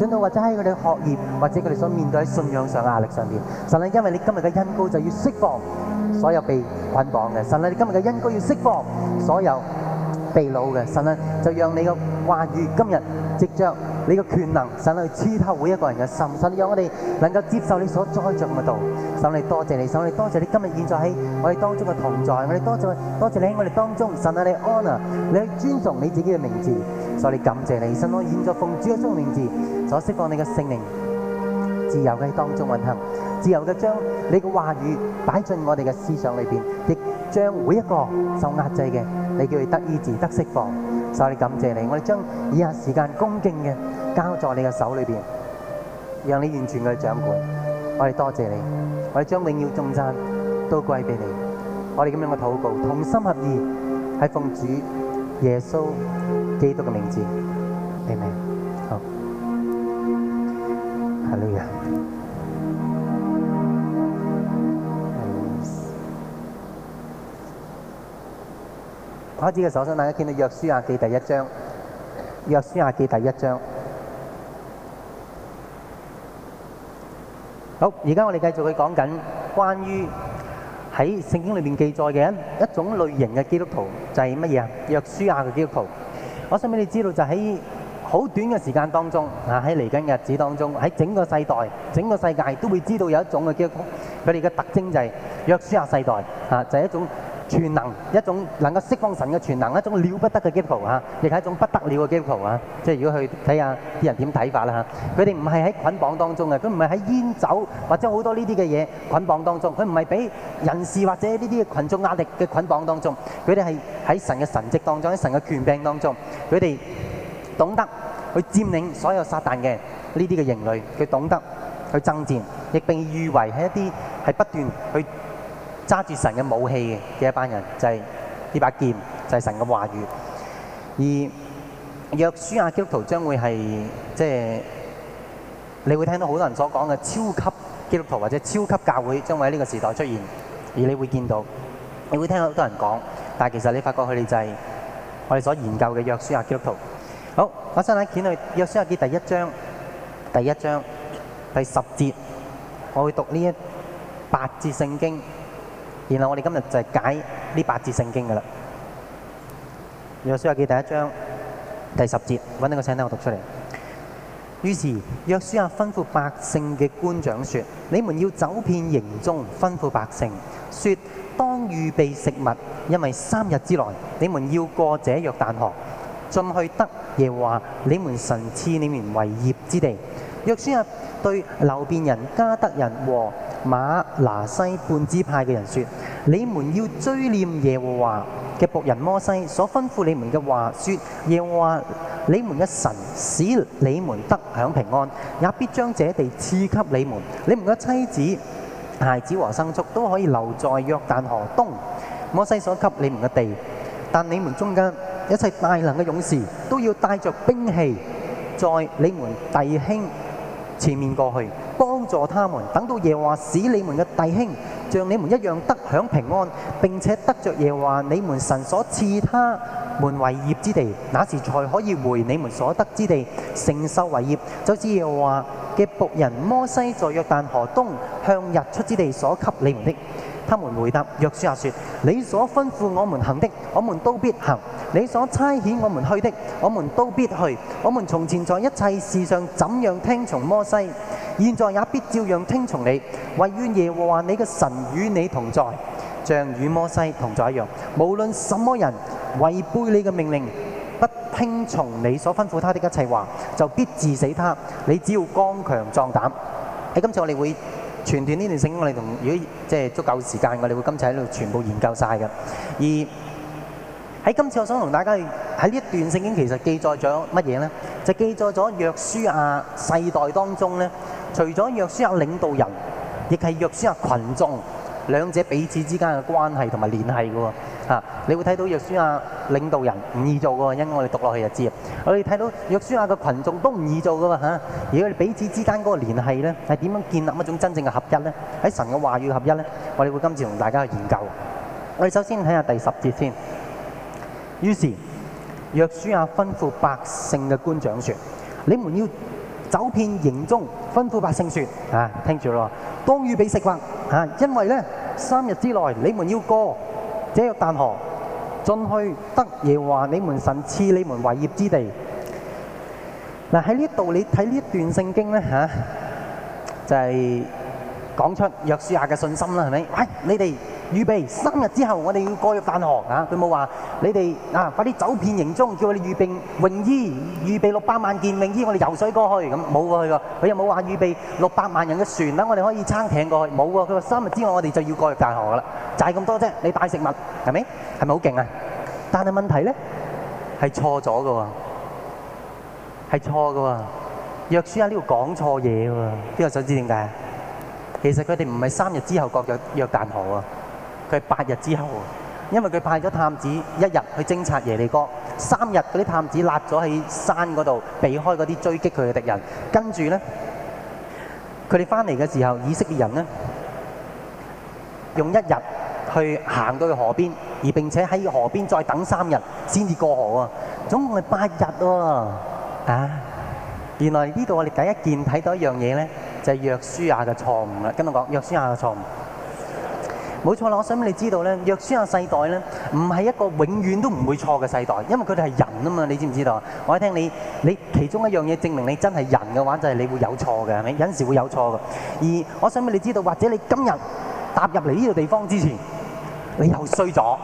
上到或者喺佢哋嘅學業，或者佢哋所面對喺信仰上壓力上邊，神啊！因為你今日嘅恩膏就要釋放所有被捆綁嘅，神啊！你今日嘅恩膏要釋放所有被攔嘅，神啊！就讓你嘅話語今日藉著你嘅權能，神啊！去刺透每一個人嘅心，所以讓我哋能夠接受你所栽著嘅道。神啊！多謝你，神啊！多謝你今日現在喺我哋當中嘅同在，我哋多謝你，多謝你喺我哋當，當中。神啊！你 honor，你去尊重你自己嘅名字，所以感謝你。神啊！我現在奉主嘅尊名字。所釋放你嘅聖靈，自由嘅當中運行，自由嘅將你嘅話語擺進我哋嘅思想裏邊，亦將每一個受壓制嘅，你叫佢得醫治，得釋放。所以我哋感謝你，我哋將以下時間恭敬嘅交在你嘅手裏邊，讓你完全嘅掌管。我哋多謝你，我哋將榮耀頌讚都歸俾你。我哋咁樣嘅禱告，同心合意係奉主耶穌基督嘅名字，嚟未？哈利路亞，哈利斯。我知嘅，首先，大家見到《約書亞記》第一章，《約書亞記》第一章。好，而家我哋繼續去講緊關於喺聖經裏面記載嘅一種類型嘅基督徒，就係乜嘢啊？約書亞嘅基督徒。我想俾你知道，就喺好短嘅時間當中，啊喺嚟緊日子當中，喺整個世代、整個世界都會知道有一種嘅基督徒，佢哋嘅特徵就係約書亞世代，啊就係、是、一種全能、一種能夠釋放神嘅全能、一種了不得嘅基督徒啊，亦係一種不得了嘅基督徒啊。即係如果去睇下啲人點睇法啦嚇，佢哋唔係喺捆綁當中嘅，佢唔係喺煙酒或者好多呢啲嘅嘢捆綁當中，佢唔係俾人事或者呢啲嘅群眾壓力嘅捆綁當中，佢哋係喺神嘅神跡當中，喺神嘅權柄當中，佢哋。懂得去佔領所有撒旦嘅呢啲嘅人類，佢懂得去爭戰，亦被譽為係一啲係不斷去揸住神嘅武器嘅一班人，就係呢把劍，就係神嘅話語。而約書亞基督徒將會係即係你會聽到好多人所講嘅超級基督徒或者超級教會將會喺呢個時代出現，而你會見到，你會聽到好多人講，但係其實你發覺佢哋就係我哋所研究嘅約書亞基督徒。我想喺見到約書亞記第一章第一章第十節，我會讀呢一八字聖經，然後我哋今日就解呢八字聖經噶啦。約書亞記第一章第十節，搵到個請，等我讀出嚟。於是約書亞吩咐百姓嘅官長說：你們要走遍營中，吩咐百姓說：當預備食物，因為三日之內你們要過這約旦河，進去得。耶和華，你們神賜你們為業之地。約書亞對流便人、加德人和瑪拿西半支派嘅人說：你們要追念耶和華嘅僕人摩西所吩咐你們嘅話，說：耶和華，你們嘅神使你們得享平安，也必將這地賜給你們。你們嘅妻子、孩子和牲畜都可以留在約旦河東。摩西所給你們嘅地，但你們中間一切大能嘅勇士都要帶著兵器，在你們弟兄前面過去，幫助他們。等到耶和華使你們嘅弟兄像你們一樣得享平安，並且得著耶和華你們神所賜他們為業之地，那時才可以回你們所得之地承受為業。就似耶和華嘅僕人摩西在約但河東向日出之地所給你們的。他們回答約書亞說：你所吩咐我們行的，我們都必行；你所差遣我們去的，我們都必去。我們從前在一切事上怎樣聽從摩西，現在也必照樣聽從你。惟願耶和華你嘅神與你同在，像與摩西同在一樣。無論什麼人違背你嘅命令，不聽從你所吩咐他的一切話，就必治死他。你只要剛強壯膽。喺今次我哋會。全段呢段聖經我哋同，如果即係足夠時間，我哋會今次喺度全部研究曬嘅。而喺今次我想同大家喺呢一段聖經其實記載咗乜嘢呢？就記載咗約書亞世代當中呢，除咗約書亞領導人，亦係約書亞群眾。兩者彼此之間嘅關係同埋聯繫嘅喎，你會睇到約書亞領導人唔易做嘅喎，因為我哋讀落去就知。我哋睇到約書亞嘅群眾都唔易做嘅喎嚇。如果你彼此之間嗰個聯繫呢，係點樣建立一種真正嘅合一呢？喺神嘅話語合一呢，我哋會今次同大家去研究。我哋首先睇下第十節先。於是約書亞吩咐百姓嘅官長説：「你們要走遍營中。吩咐百姓説：啊，聽住咯，當預備食物，啊，因為咧，三日之內你們要過這約但河，進去，得耶和華你們神賜你們為業之地。嗱喺呢度你睇呢一段聖經咧嚇，就係講出約書亞嘅信心啦，係咪？喂，你哋。預備三日之後，我哋要過約旦河啊！佢冇話你哋啊，快啲走遍營中，叫我哋預備泳衣，預備六百萬件泳衣，我哋游水過去咁冇喎。佢話佢又冇話預備六百萬人嘅船，等我哋可以撐艇過去冇喎。佢話三日之後，我哋就要過約旦河噶啦，就係咁多啫。你帶食物係咪係咪好勁啊？但係問題咧係錯咗噶喎，係錯噶喎。約書亞喺呢度講錯嘢噶喎，邊個想知點解？其實佢哋唔係三日之後過約旦河啊。佢八日之後，因為佢派咗探子一日去偵察耶利哥，三日嗰啲探子立咗喺山嗰度，避開嗰啲追擊佢嘅敵人。跟住咧，佢哋翻嚟嘅時候，以色列人咧用一日去行到去河邊，而並且喺河邊再等三日先至過河啊。總共係八日喎，啊。啊，原來呢度我哋第一件睇到一樣嘢咧，就係約書亞嘅錯誤啦。跟住講約書亞嘅錯誤。冇錯啦！我想俾你知道呢，約書亞世代呢，唔係一個永遠都唔會錯嘅世代，因為佢哋係人啊嘛，你知唔知道啊？我聽你，你其中一樣嘢證明你真係人嘅話，就係你會有錯嘅，係咪？有時會有錯嘅。而我想俾你知道，或者你今日踏入嚟呢個地方之前，你又衰咗，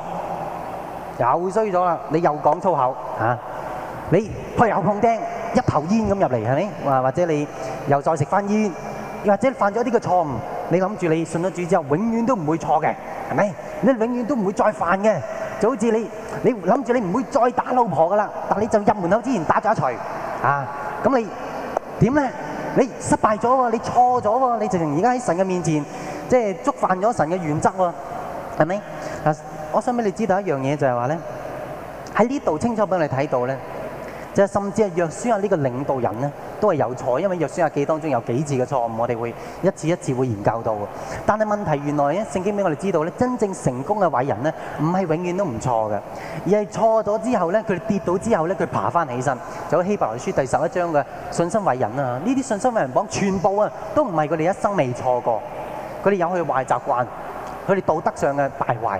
又衰咗啦！你又講粗口嚇，你去碰釘，一頭煙咁入嚟係咪？啊，或者你又再食返煙，又或者犯咗啲嘅錯誤。你諗住你信咗主之後，永遠都唔會錯嘅，係咪？你永遠都唔會再犯嘅，就好似你，你諗住你唔會再打老婆噶啦，但你就入門口之前打咗一錘，啊！咁你點呢？你失敗咗喎，你錯咗喎，你就而家喺神嘅面前，即係觸犯咗神嘅原則喎，係咪？我想俾你知道一樣嘢就係話咧，喺呢度清楚畀你睇到即係甚至係約書亞呢個領導人呢，都係有錯，因為約書亞記當中有幾次嘅錯誤，我哋會一次一次會研究到。但係問題原來呢，聖經俾我哋知道咧，真正成功嘅偉人呢，唔係永遠都唔錯嘅，而係錯咗之後呢，佢跌倒之後呢，佢爬翻起身。就喺希伯來書第十一章嘅信心偉人啊，呢啲信心偉人榜全部啊，都唔係佢哋一生未錯過，佢哋有佢嘅壞習慣，佢哋道德上嘅敗壞，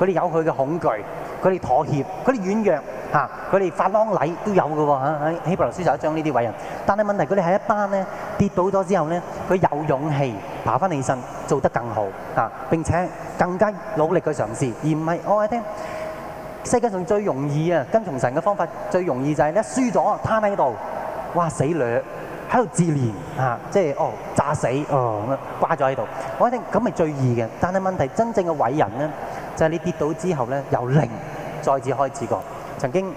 佢哋有佢嘅恐懼，佢哋妥協，佢哋軟弱。嚇、啊！佢哋發喪禮都有嘅喎，啊、希伯來書就一張呢啲偉人，但係問題佢哋係一班呢跌倒咗之後呢，佢有勇氣爬翻起身做得更好嚇，啊，並且更加努力去嘗試，而唔係我聽世界上最容易啊跟從神嘅方法，最容易就係輸輸咗攤喺度，哇死在喺度自憐，啊、即係哦炸死哦咁啊掛咗喺度，我聽咁咪最易嘅，但係問題真正嘅偉人呢，就係、是，你跌倒之後呢，由零再次開始過。曾經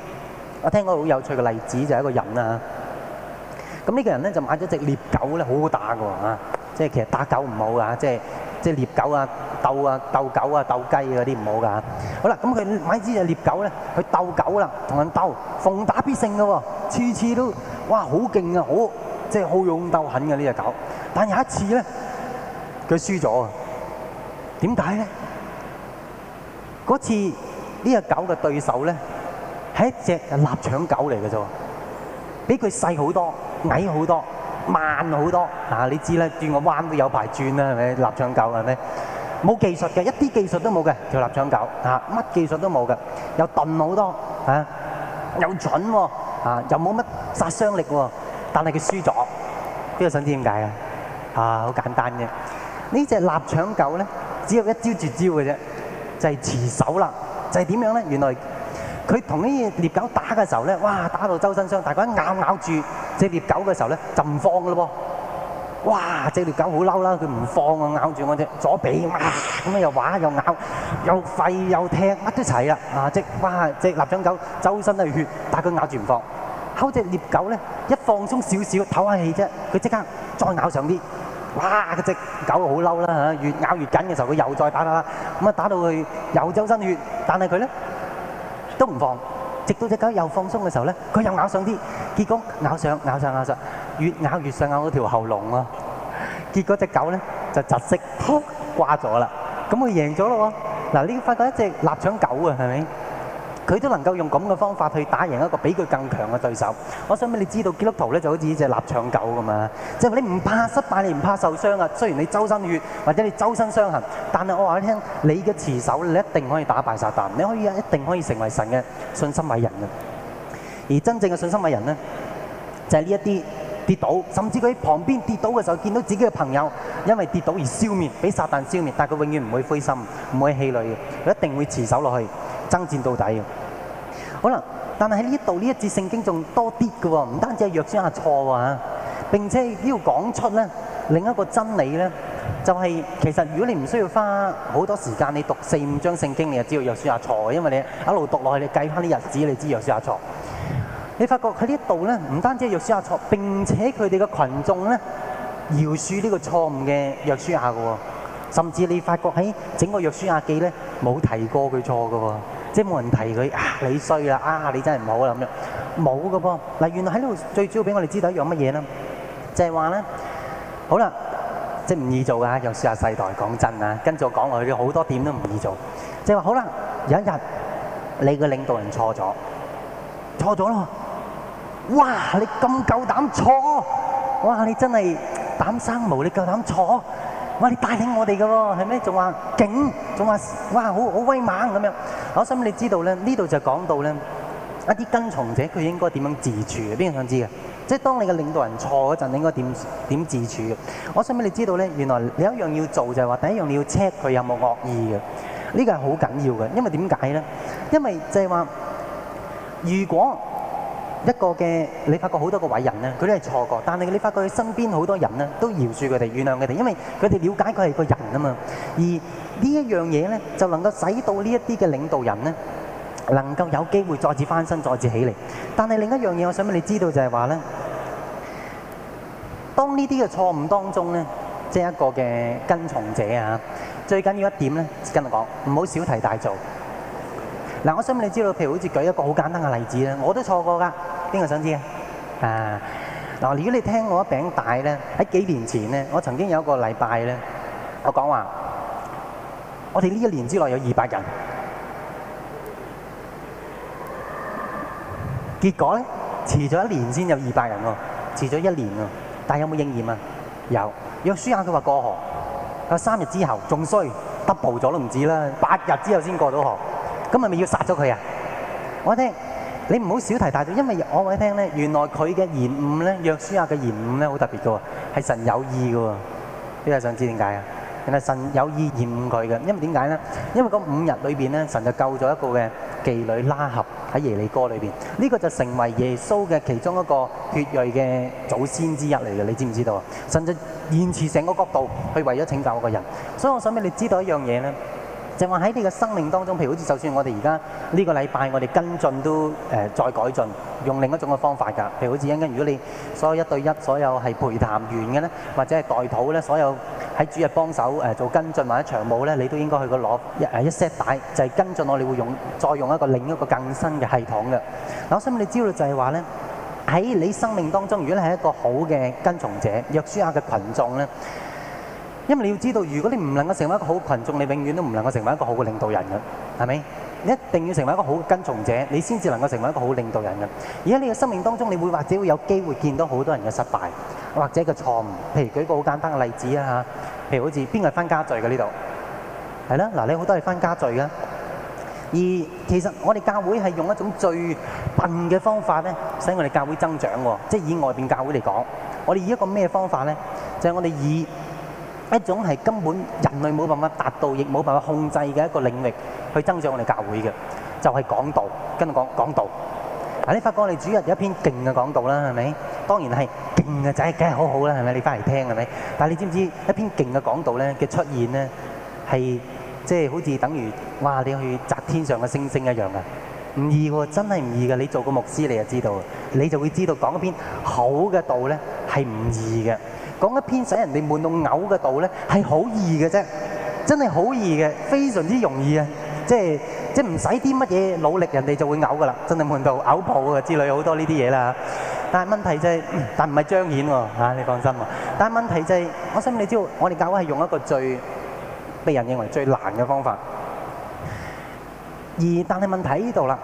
我聽過好有趣嘅例子，就係一個人啊。咁呢個人咧就買咗隻獵狗咧，好好打㗎嚇。即係其實打狗唔好㗎，即係即係獵狗啊鬥啊鬥狗啊鬥雞嗰啲唔好㗎嚇。好啦，咁佢買呢隻獵狗咧，佢鬥狗啦，同人鬥，逢打必勝㗎喎，次次都哇好勁㗎，好即係好勇鬥狠㗎呢隻狗。但係有一次咧，佢輸咗。點解咧？嗰次呢隻狗嘅對手咧？係一隻臘腸狗嚟嘅啫，比佢細好多，矮好多，慢好多。嗱、啊，你知啦，轉個彎都有排轉啦，係咪？臘腸狗係咪？冇技術嘅，一啲技術都冇嘅，條臘腸狗嚇，乜、啊、技術都冇嘅，又鈍好多嚇、啊，又蠢喎，又冇乜殺傷力喎。但係佢輸咗，邊個想知點解啊？啊，好、啊啊啊、簡單嘅，呢隻臘腸狗咧，只有一招絕招嘅啫，就係、是、持守啦，就係、是、點樣咧？原來。佢同呢隻獵狗打嘅時候呢，哇！打到周身傷，大家咬一咬住隻獵狗嘅時候呢，就唔放嘞喎！哇！隻獵狗好嬲啦，佢唔放啊，咬住我隻左臂，咁又畫又咬又吠又踢，乜都齊啦啊！哇！隻臘、啊、腸狗周身都係血，但佢咬住唔放。後隻獵狗呢，一放鬆少少唞下氣啫，佢即刻再咬上啲。哇！嗰隻狗好嬲啦，越咬越緊嘅時候，佢又再打打打咁，打到佢又周身血，但係佢都唔放，直到隻狗又放鬆嘅時候咧，佢又咬上啲，結果咬上咬上咬上，越咬越想咬嗰條喉嚨啊。結果隻狗咧就窒息，噗，掛咗啦。咁佢贏咗咯喎，嗱，你發覺係一隻臘腸狗啊，係咪？佢都能夠用咁嘅方法去打贏一個比佢更強嘅對手。我想俾你知道，基督徒咧就好似呢隻臘腸狗咁啊，即係你唔怕失敗，你唔怕受傷啊。雖然你周身血或者你周身傷痕，但係我話你聽，你嘅持守，你一定可以打敗撒但，你可以一定可以成為神嘅信心偉人嘅。而真正嘅信心偉人咧，就係呢一啲跌倒，甚至佢喺旁邊跌倒嘅時候，見到自己嘅朋友因為跌倒而消滅，俾撒但消滅，但係佢永遠唔會灰心，唔會氣餒嘅，佢一定會持守落去，爭戰到底。可能，但係喺呢度呢一節聖經仲多啲嘅喎，唔單止係約書亞錯喎，並且要講出咧另一個真理咧，就係、是、其實如果你唔需要花好多時間，你讀四五章聖經，你就知道約書亞錯，因為你一路讀落去，你計翻啲日子，你知約書亞錯。你發覺喺呢一度咧，唔單止係約書亞錯，並且佢哋嘅群眾咧饒恕呢個錯誤嘅約書亞嘅喎，甚至你發覺喺整個約書亞記咧冇提過佢錯嘅喎。即係冇人提佢，啊你衰啦，啊你真係唔好啦咁樣，冇噶噃嗱，原來喺呢度最主要俾我哋知道一樣乜嘢咧，就係話咧，好啦，即係唔易做噶，又試下世代講真啦，跟住我講落去好多點都唔易做，即係話好啦，有一日你個領導人錯咗，錯咗咯，哇你咁夠膽錯，哇你真係膽生毛，你夠膽錯，哇你帶領我哋嘅喎，係咪？仲話勁，仲話哇好好威猛咁樣。我想畀你知道呢，呢度就講到呢，一啲跟從者佢應該點樣自處嘅？邊個想知嘅？即係當你嘅領導人錯嗰陣，應該點自處嘅？我想畀你知道呢，原來你有一樣要做就係話第一樣你要 check 佢有冇惡意嘅，呢個係好緊要嘅，因為點解呢？因為就係話如果一個嘅你發覺好多個偉人呢，佢都係錯過，但係你發覺佢身邊好多人呢，都饒恕佢哋、原諒佢哋，因為佢哋了解佢係個人啊嘛，而。呢一樣嘢咧，就能夠使到呢一啲嘅領導人呢，能夠有機會再次翻身、再次起嚟。但係另一樣嘢，我想俾你知道就係話呢，當呢啲嘅錯誤當中呢，即係一個嘅跟從者啊，最緊要一點呢，跟你講唔好小題大做。我想俾你知道，譬如好似舉一個好簡單嘅例子啦，我都錯過㗎，邊個想知啊？啊嗱，如果你聽我一餅帶呢，喺幾年前呢，我曾經有一個禮拜呢，我講話，我哋呢一年之內有二百人，結果呢，遲咗一年先有二百人喎、哦，遲咗一年喎、哦。但係有冇應驗啊？有，約書亞佢話過河，佢三日之後仲衰，double 咗都唔止啦，八日之後先過到河。咁係咪要殺咗佢啊？我聽你唔好小題大做，因為我一聽呢，原來佢嘅延誤呢，約書亞嘅延誤呢，好特別嘅喎，係神有意嘅喎。你哋想知點解啊？人哋神有意厭惡佢嘅，因為點解咧？因為嗰五日裏邊咧，神就救咗一個嘅妓女拉合喺耶利哥裏邊，呢個就成為耶穌嘅其中一個血裔嘅祖先之一嚟嘅，你知唔知道？甚至延遲成個角度去為咗拯救嗰個人，所以我想俾你知道一樣嘢咧。就話、是、喺你嘅生命當中，譬如好似就算我哋而家呢個禮拜我哋跟進都誒、呃、再改進，用另一種嘅方法㗎。譬如好似啱啱，如果你所有一對一，所有係陪談員嘅咧，或者係代討咧，所有喺主日幫手誒做跟進或者長務咧，你都應該去個攞誒一 set 帶，就係、是、跟進我哋會用再用一個另一個更新嘅系統㗎。嗱，我想問你，知道就係話咧，喺你生命當中，如果你係一個好嘅跟從者，約書亞嘅群眾咧。因為你要知道，如果你唔能夠成為一個好群眾，你永遠都唔能夠成為一個好嘅領導人嘅，係咪？你一定要成為一個好嘅跟從者，你先至能夠成為一個好領導人嘅。而喺你嘅生命當中，你會或者會有機會見到好多人嘅失敗，或者嘅錯誤。譬如舉一個好簡單嘅例子啊，譬如好似邊個係分家聚嘅呢度，係啦，嗱，你好多係分家聚嘅。而其實我哋教會係用一種最笨嘅方法咧，使我哋教會增長喎。即係以外邊教會嚟講，我哋以一個咩方法咧？就係我哋以。一種係根本人類冇辦法達到，亦冇辦法控制嘅一個領域，去增長我哋教會嘅，就係講道，跟住講講道。嗱，你發覺我哋主日有一篇勁嘅講道啦，係咪？當然係勁嘅仔，梗係好好啦，係咪？你翻嚟聽，係咪？但係你知唔知一篇勁嘅講道咧嘅出現咧係即係好似等於哇你去摘天上嘅星星一樣㗎，唔易喎，真係唔易㗎。你做個牧師你就知道，你就會知道講一篇好嘅道咧係唔易嘅。講一篇使人哋悶到嘔嘅道咧，係好易嘅啫，真係好易嘅，非常之容易啊！即係即係唔使啲乜嘢努力，人哋就會嘔㗎喇，真係悶到嘔泡啊之類好多呢啲嘢啦。但係問題就係，但唔係彰顯喎嚇，你放心喎。但係問題就係，我想你知道，我哋教會係用一個最被人認為最難嘅方法。而但係問題呢度啦，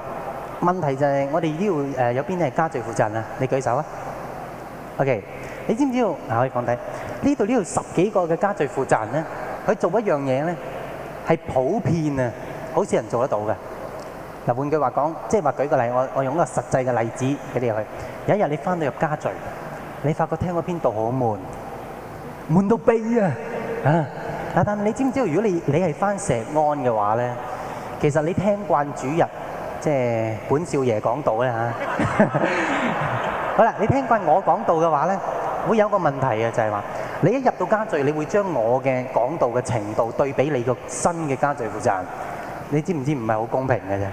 問題就係，我哋要誒有邊啲係家屬負責人啊？你舉手啊？OK。你知唔知道？嗱，可以放低。呢度呢度十幾個嘅家聚負責人咧，佢做一樣嘢咧，係普遍啊，好少人做得到嘅。嗱，換句話講，即係話舉個例，我我用一個實際嘅例子俾你去。有一日你翻到入家聚，你發覺聽嗰篇道好悶，悶到痹啊！啊，但係你知唔知道？如果你你係翻石安嘅話咧，其實你聽慣主日，即係本少爺講道咧嚇。好啦，你聽慣我講道嘅話咧。會有個問題啊，就係話你一入到家聚，你會將我嘅講道嘅程度對比你個新嘅家聚負責人，你知唔知，唔係好公平嘅啫？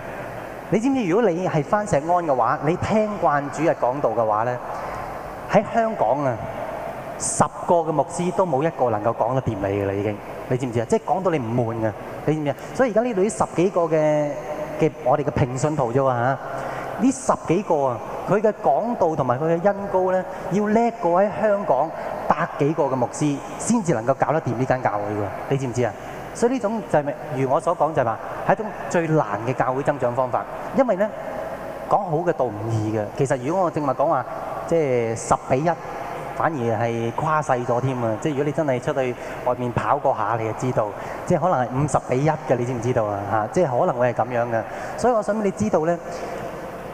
呢十幾個啊，佢嘅講道同埋佢嘅恩膏呢，要叻過喺香港百幾個嘅牧師，先至能夠搞得掂呢間教會嘅，你知唔知啊？所以呢種就係咪如我所講就係話係一種最難嘅教會增長方法，因為呢講好嘅道唔易嘅。其實如果我正話講話，即係十比一，反而係跨細咗添啊！即係如果你真係出去外面跑過下，你就知道，即係可能係五十比一嘅，你知唔知道啊？嚇，即係可能會係咁樣嘅。所以我想俾你知道呢。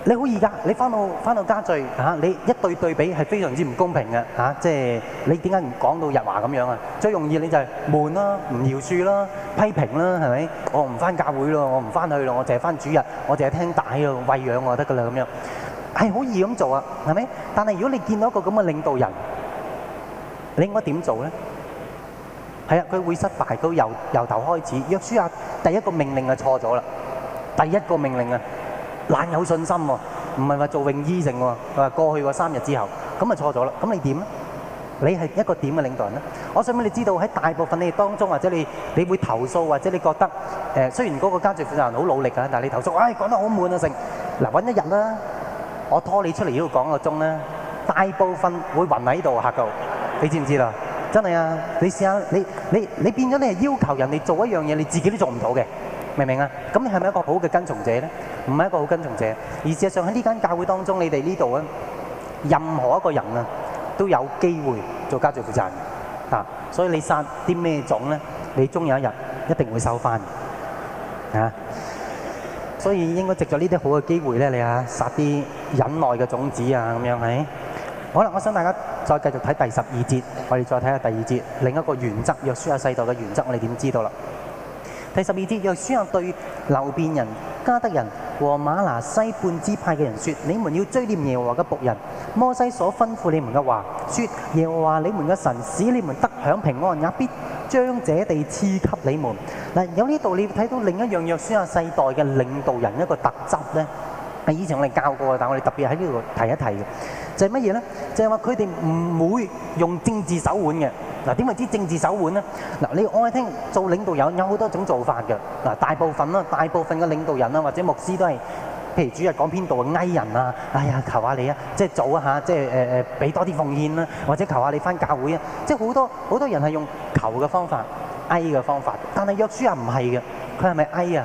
你好易噶，你翻到翻到家聚嚇，你一對對比係非常之唔公平嘅嚇，即係你點解唔講到日華咁樣啊？最容易你就係悶啦，唔饒恕啦，批評啦，係咪？我唔翻教會咯，我唔翻去咯，我淨係翻主日，我淨係聽帶咯，餵養我得噶啦，咁樣，係好易咁做啊，係咪？但係如果你見到一個咁嘅領導人，你應該點做咧？係啊，佢會失敗，都由由頭開始。約書亞第一個命令就錯咗啦，第一個命令啊。懶有信心喎，唔係話做泳衣成喎，話過去嗰三日之後咁啊，錯咗啦。咁你點咧？你係一個點嘅領導人咧？我想問你知道喺大部分你哋當中或者你你會投訴或者你覺得誒雖然嗰個家屬負責人好努力啊，但係你投訴，哎講得好悶啊，成嗱揾一日啦，我拖你出嚟呢度講個鐘啦，大部分會暈喺度嚇到，你知唔知啦？真係啊，你試下你你你變咗你係要求人哋做一樣嘢，你自己都做唔到嘅，明唔明啊？咁你係咪一個好嘅跟從者咧？唔係一個好跟從者，而事實上喺呢間教會當中，你哋呢度任何一個人啊，都有機會做家族負責人啊。所以你撒啲咩種呢？你終有一日一定會收返啊。所以應該藉著呢啲好嘅機會呢，你啊撒啲忍耐嘅種子啊，咁樣係。好啦，我想大家再繼續睇第十二節，我哋再睇下第二節，另一個原則，約書亞世代嘅原則，我哋點知道啦？第十二節約書亞對流便人、加得人，和馬拿西半支派嘅人說：你們要追念耶和華嘅僕人摩西所吩咐你們嘅話，説耶和華你們嘅神使你們得享平安，也必將這地賜給你們。嗱，有呢度你會睇到另一樣，約書亞世代嘅領導人一個特質咧，係以前我哋教過，但係我哋特別喺呢度提一提嘅，就係乜嘢咧？就係話佢哋唔會用政治手腕嘅。嗱，點為之政治手腕呢？你愛聽，做領導人有有好多種做法嘅。大部分啦，大部分嘅領導人啊或者牧師都係，譬如主日講編導的哀人，哎呀，求下你啊，即係做一下，即係俾、呃、多啲奉獻啦，或者求下你返教會啊，即係好多好多人係用求嘅方法，哀嘅方法。但係約書亞唔係嘅，佢係咪哀呀？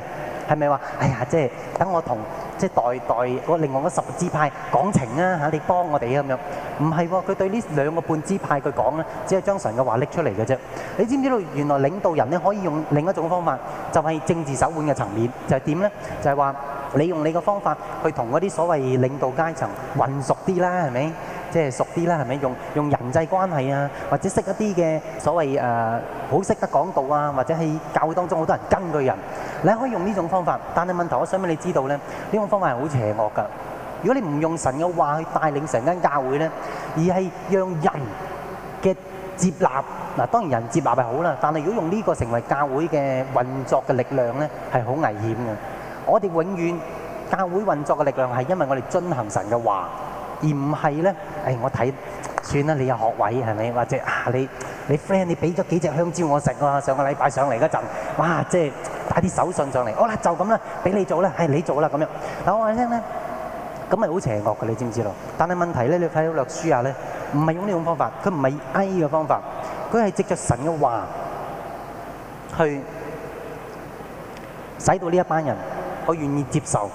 係咪話哎呀，即係等我同？即係代代另外嗰十支派講情啊嚇，你幫我哋啊咁樣，唔係喎，佢對呢兩個半支派佢講咧，只係將神嘅話拎出嚟嘅啫。你知唔知道原來領導人咧可以用另一種方法，就係、是、政治手腕嘅層面，就係點咧？就係、是、話你用你嘅方法去同嗰啲所謂領導階層混熟啲啦，係咪？即、就、係、是、熟啲啦，係咪？用用人際關係啊，或者識一啲嘅所謂誒好識得講道啊，或者喺教會當中好多人跟嘅人。你可以用呢種方法，但係問題，我想畀你知道呢，呢種方法係好邪惡㗎。如果你唔用神嘅話去帶領成間教會呢，而係讓人嘅接納，嗱，當然人接納係好啦，但係如果用呢個成為教會嘅運作嘅力量呢，係好危險嘅。我哋永遠教會運作嘅力量係因為我哋遵行神嘅話，而唔係呢。誒、哎、我睇。算啦，你有學位係咪？或者啊，你你 friend 你俾咗幾隻香蕉我食啊？上個禮拜上嚟嗰陣，哇！即係帶啲手信上嚟，好、哦、啦，就咁啦，俾你做啦，係、哎、你做啦咁樣。但我話你聽咧，咁咪好邪惡嘅，你知唔知道？但係問題咧，你睇到約書亞啊咧，唔係用呢種方法，佢唔係 A 嘅方法，佢係藉着神嘅話去使到呢一班人，我願意接受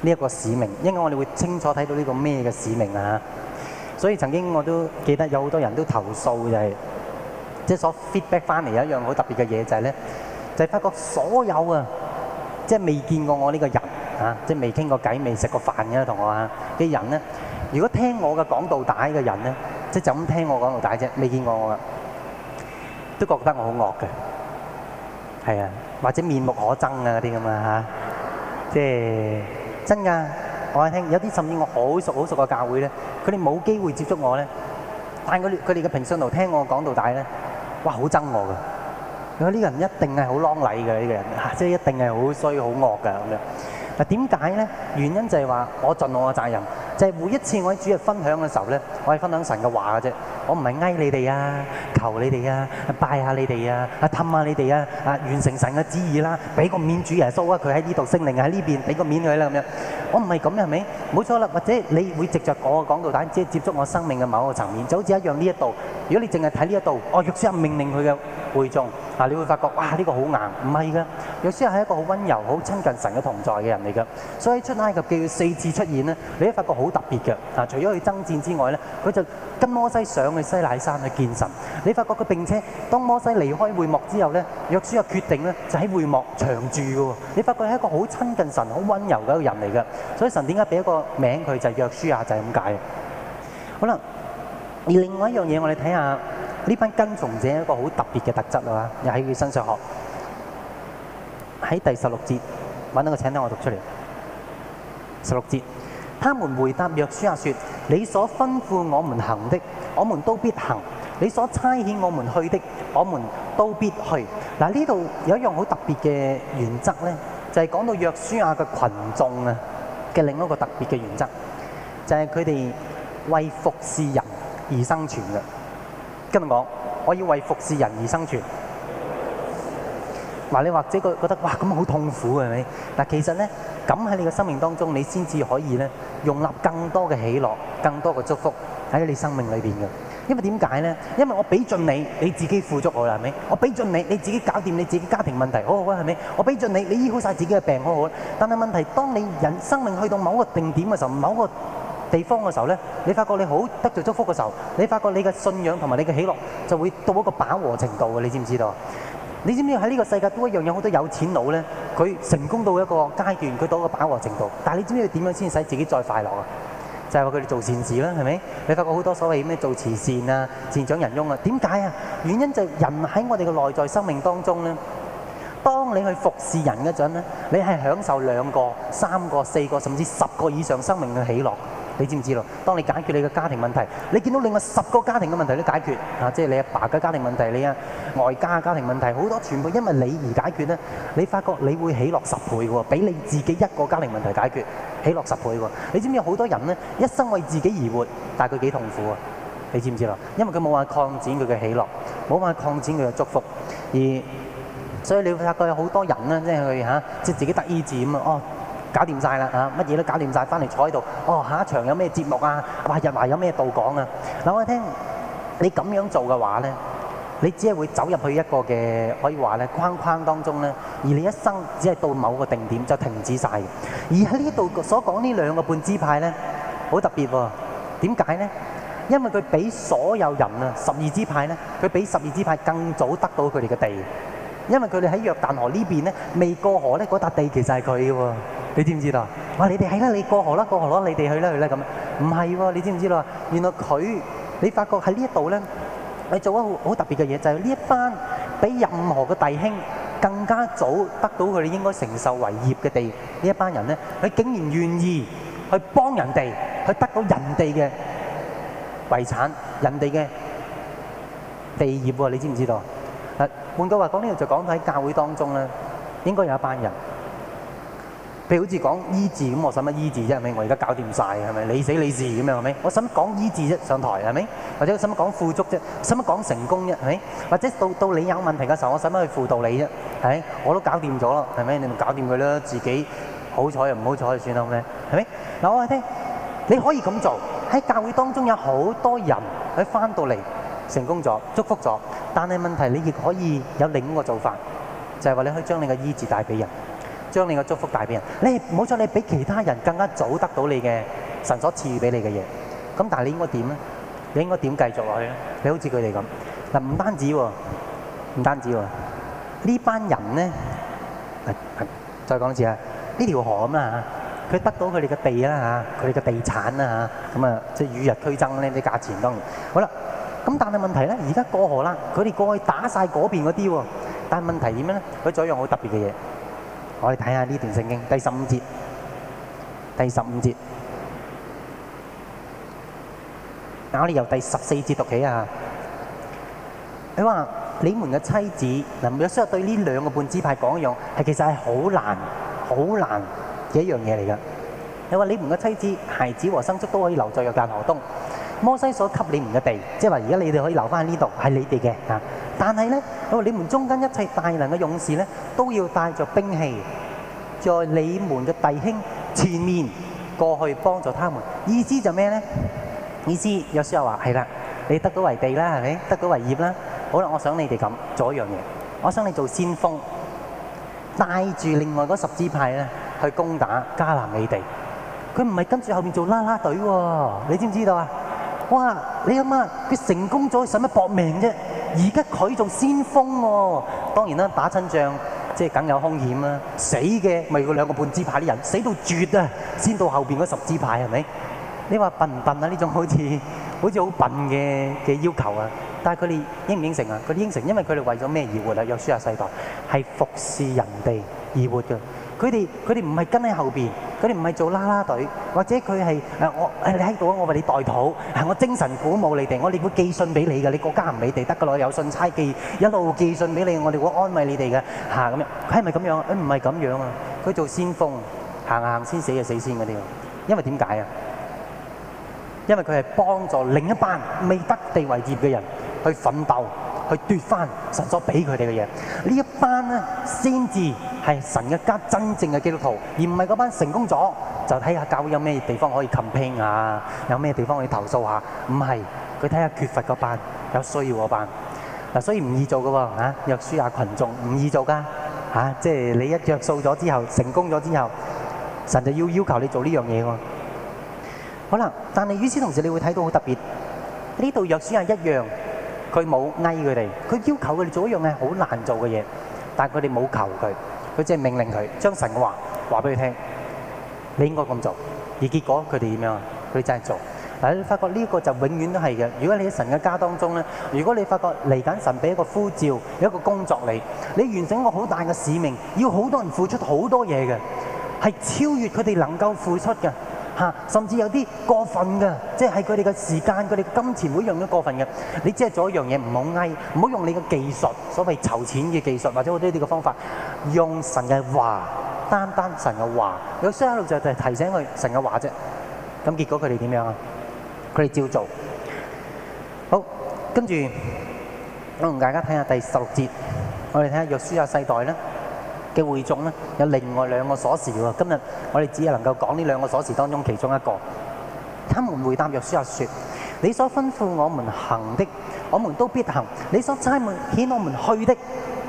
呢一個使命，因為我哋會清楚睇到呢個咩嘅使命啊！所以曾經我都記得有好多人都投訴就係，即係所 feedback 翻嚟有一樣好特別嘅嘢就係呢，就係發覺所有啊，即係未見過我呢個人啊，即係未傾過偈、未食過飯嘅同學啊嘅人呢，如果聽我嘅講道帶嘅人呢，即係就咁聽我講道帶啫，未見過我，都覺得我好惡嘅，係啊，或者面目可憎啊嗰啲咁啊嚇，即係真㗎。我喺聽，有啲甚至我好熟好熟嘅教會呢，佢哋冇機會接觸我呢。但係佢哋佢哋嘅平信徒聽我講到大呢，哇好憎我㗎！我呢、呢個人一定係好狼戾㗎，呢、呢個人、啊、即係一定係好衰好惡㗎咁樣。嗱點解呢？原因就係話我盡我嘅責任。就係、是、每一次我喺主日分享嘅時候咧，我係分享神嘅話嘅啫，我唔係哀你哋啊，求你哋啊，拜下你哋啊，啊氹下你哋啊，啊完成神嘅旨意啦，俾個面主耶穌啊，佢喺呢度聖靈喺呢邊，俾個面佢啦咁樣，我唔係咁嘅，係咪？冇錯啦，或者你會藉著我嘅講講道帶，即係接觸我生命嘅某一個層面，就好似一樣呢一度。如果你淨係睇呢一度，哦，約書亞命令佢嘅會眾，你會發覺哇，呢個好硬，唔係噶，約書亞係一個好溫柔、好親近神嘅同在嘅人嚟噶。所以喺出埃及記四次出現呢，你一發覺好特別嘅。除咗去爭戰之外呢，佢就跟摩西上去西奈山去見神。你發覺佢並且，當摩西離開會幕之後呢，約書亞決定呢，就喺會幕長住嘅。你發覺係一個好親近神、好溫柔嘅一個人嚟嘅。所以神點解俾一個名佢就約書亞就係咁解？好了。而另外一樣嘢，我哋睇下呢班跟從者有一個好特別嘅特質啦，又喺佢身上學。喺第十六節揾到個請等我讀出嚟。十六節，他們回答約書亞說：你所吩咐我們行的，我們都必行；你所差遣我們去的，我們都必去。嗱呢度有一樣好特別嘅原則咧，就係講到約書亞嘅群眾啊嘅另一個特別嘅原則，就係佢哋為服侍人。而生存嘅，今日講，我要為服侍人而生存。嗱，你或者覺覺得哇，咁好痛苦啊，係咪？嗱，其實咧，咁喺你嘅生命當中，你先至可以咧，容納更多嘅喜樂，更多嘅祝福喺你生命裏邊嘅。因為點解咧？因為我俾盡你，你自己付足我啦，係咪？我俾盡你，你自己搞掂你自己家庭問題，好好啦，係咪？我俾盡你，你醫好晒自己嘅病，好好。但係問題，當你人生命去到某個定點嘅時候，某個。地方嘅時候呢，你發覺你好得着祝福嘅時候，你發覺你嘅信仰同埋你嘅喜樂就會到一個飽和程度嘅。你知唔知道？你知唔知喺呢個世界都一樣有好多有錢佬呢？佢成功到一個階段，佢到一個飽和程度。但係你知唔知點樣先使自己再快樂啊？就係話佢哋做善事啦，係咪？你發覺好多所謂咩做慈善啊、善長人翁啊，點解啊？原因就係人喺我哋嘅內在生命當中呢，當你去服侍人嗰陣咧，你係享受兩個、三個、四個，甚至十個以上生命嘅喜樂。你知唔知咯？當你解決你嘅家庭問題，你見到另外十個家庭嘅問題都解決，啊，即係你阿爸嘅家庭問題，你啊外家嘅家庭問題，好多全部因為你而解決呢，你發覺你會喜樂十倍嘅喎，比你自己一個家庭問題解決喜樂十倍喎。你知唔知有好多人呢，一生為自己而活，但係佢幾痛苦啊？你知唔知咯？因為佢冇話擴展佢嘅喜樂，冇話擴展佢嘅祝福，而所以你會發覺有好多人咧，即係佢嚇自己得意字哦。搞掂晒啦吓，乜嘢都搞掂晒，翻嚟坐喺度。哦，下一場有咩節目啊？哇，日華有咩道講啊？諗下聽，你咁樣做嘅話呢，你只係會走入去一個嘅可以話呢框框當中呢，而你一生只係到某個定點就停止晒。而喺呢度個所講呢兩個半支派呢，好特別喎。點解呢？因為佢比所有人啊十二支派呢，佢比十二支派更早得到佢哋嘅地。因為佢哋喺約旦河呢邊呢，未過河，嗰笪地其實係佢嘅喎，你知唔知道？你哋係喇，你過河，過河，你哋去喇，唔係，你知唔知道？原來佢，你發覺喺呢道呢，做咗好特別嘅嘢就呢班比任何嘅弟兄更更加早得到佢哋應該承受為業嘅地，呢班人呢，佢竟然願意去幫人哋，去得到人哋嘅換句話講，呢樣就講喺教會當中咧，應該有一班人。譬如好似講醫治咁，我使乜醫治啫？係咪我而家搞掂晒嘅係咪？你死你事咁樣係咪？我使乜講醫治啫？上台係咪？或者使乜講富足啫？使乜講成功啫？係咪？或者到到你有問題嘅時候，我使乜去輔導你啫？係咪？我都搞掂咗啦，係咪？你咪搞掂佢咯，自己好彩又唔好彩就算啦，係咪？係咪？嗱，我話你聽，你可以咁做。喺教會當中有好多人喺翻到嚟。成功咗，祝福咗，但係問題，你亦可以有另一個做法，就係話你可以將你嘅醫治帶俾人，將你嘅祝福帶俾人。你唔好錯，你比其他人更加早得到你嘅神所賜予俾你嘅嘢。咁但係你應該點咧？你應該點繼續落去咧？你好似佢哋咁。嗱，唔單止喎，唔單止喎，呢班人咧，再講一次啊，呢條河咁嘛，嚇，佢得到佢哋嘅地啦嚇，佢哋嘅地產啦嚇，咁啊，即係與日俱增呢啲價錢當然好啦。咁但係問題咧，而家過河啦，佢哋過去打曬嗰邊嗰啲喎。但係問題點樣咧？佢做一樣好特別嘅嘢。我哋睇下呢段聖經第十五節，第十五節。我哋由第十四節讀起啊。佢話：你們嘅妻子嗱，約書亞對呢兩個半支派講一樣，係其實係好難、好難嘅一樣嘢嚟㗎。佢話：你們嘅妻子、孩子和牲畜都可以留在約但河東。摩西所給你們嘅地，即係話而家你哋可以留返喺呢度，係你哋嘅啊。但係咧，我話你們中間一切大能嘅勇士咧，都要帶著兵器，在你們嘅弟兄前面過去幫助他們。意思就咩咧？意思有時候話係啦，你得咗為地啦，係咪？得咗為業啦。好啦，我想你哋咁做一樣嘢，我想你做先鋒，帶住另外嗰十支派咧去攻打迦南美地。佢唔係跟住後面做啦啦隊喎，你知唔知道啊？哇！你諗下，佢成功咗，使乜搏命啫？而家佢仲先鋒喎、哦。當然啦，打親仗即係梗有風險啦、啊。死嘅咪嗰兩個半支派啲人死到絕啊，先到後面嗰十支派係咪？你話笨唔笨啊？呢種好似好似好笨嘅要求啊！但係佢哋應唔應承啊？佢哋應承，因為佢哋為咗咩而活啊？約書亞世代係服侍人哋而活嘅。佢哋佢哋唔係跟喺後邊，佢哋唔係做啦啦隊，或者佢係誒我誒你喺度，我為你代禱，我精神鼓舞你哋，我哋會寄信俾你噶，你國家唔理哋得噶咯，有信差寄一路寄信俾你，我哋會安慰你哋嘅嚇咁樣。佢係咪咁樣？誒唔係咁樣啊！佢做先鋒，行行先死就死先嗰啲啊！因為點解啊？因為佢係幫助另一班未得地為業嘅人去奮鬥。去奪返神所俾佢哋嘅嘢，呢一班呢，先至係神嘅家真正嘅基督徒，而唔係嗰班成功咗就睇下教會有咩地方可以 complain 啊，有咩地方可以投訴下。唔係，佢睇下缺乏嗰班，有需要嗰班。所以唔易做㗎喎嚇，約書亞，群眾唔易做㗎啊。即係你一著數咗之後，成功咗之後，神就要要求你做呢樣嘢喎。好啦，但係與此同時，你會睇到好特別，呢度約書亞一樣。佢冇嗌佢哋，佢要求佢哋做一樣嘢好難做嘅嘢，但係佢哋冇求佢，佢只係命令佢，將神嘅話話俾佢聽，你應該咁做。而結果佢哋點樣啊？佢真係做。但係你發覺呢一個就永遠都係嘅。如果你喺神嘅家當中咧，如果你發覺嚟緊神俾一個呼召，有一個工作你，你完成一個好大嘅使命，要好多人付出好多嘢嘅，係超越佢哋能夠付出嘅。嚇，甚至有啲過分嘅，即係佢哋嘅時間、佢哋嘅金錢，每樣都過分嘅。你只係做一樣嘢，唔好嗌，唔好用你嘅技術，所謂籌錢嘅技術或者我哋呢啲嘅方法，用神嘅話，單單神嘅話。有商路就係提醒佢神嘅話啫。咁結果佢哋點樣啊？佢哋照做。好，跟住我同大家睇下第十六節，我哋睇下約書亞世代啦。嘅會眾呢，有另外兩個鎖匙喎，今日我哋只係能夠講呢兩個鎖匙當中其中一個。他們回答約書亞說：你所吩咐我們行的，我們都必行；你所差遣遣我們去的，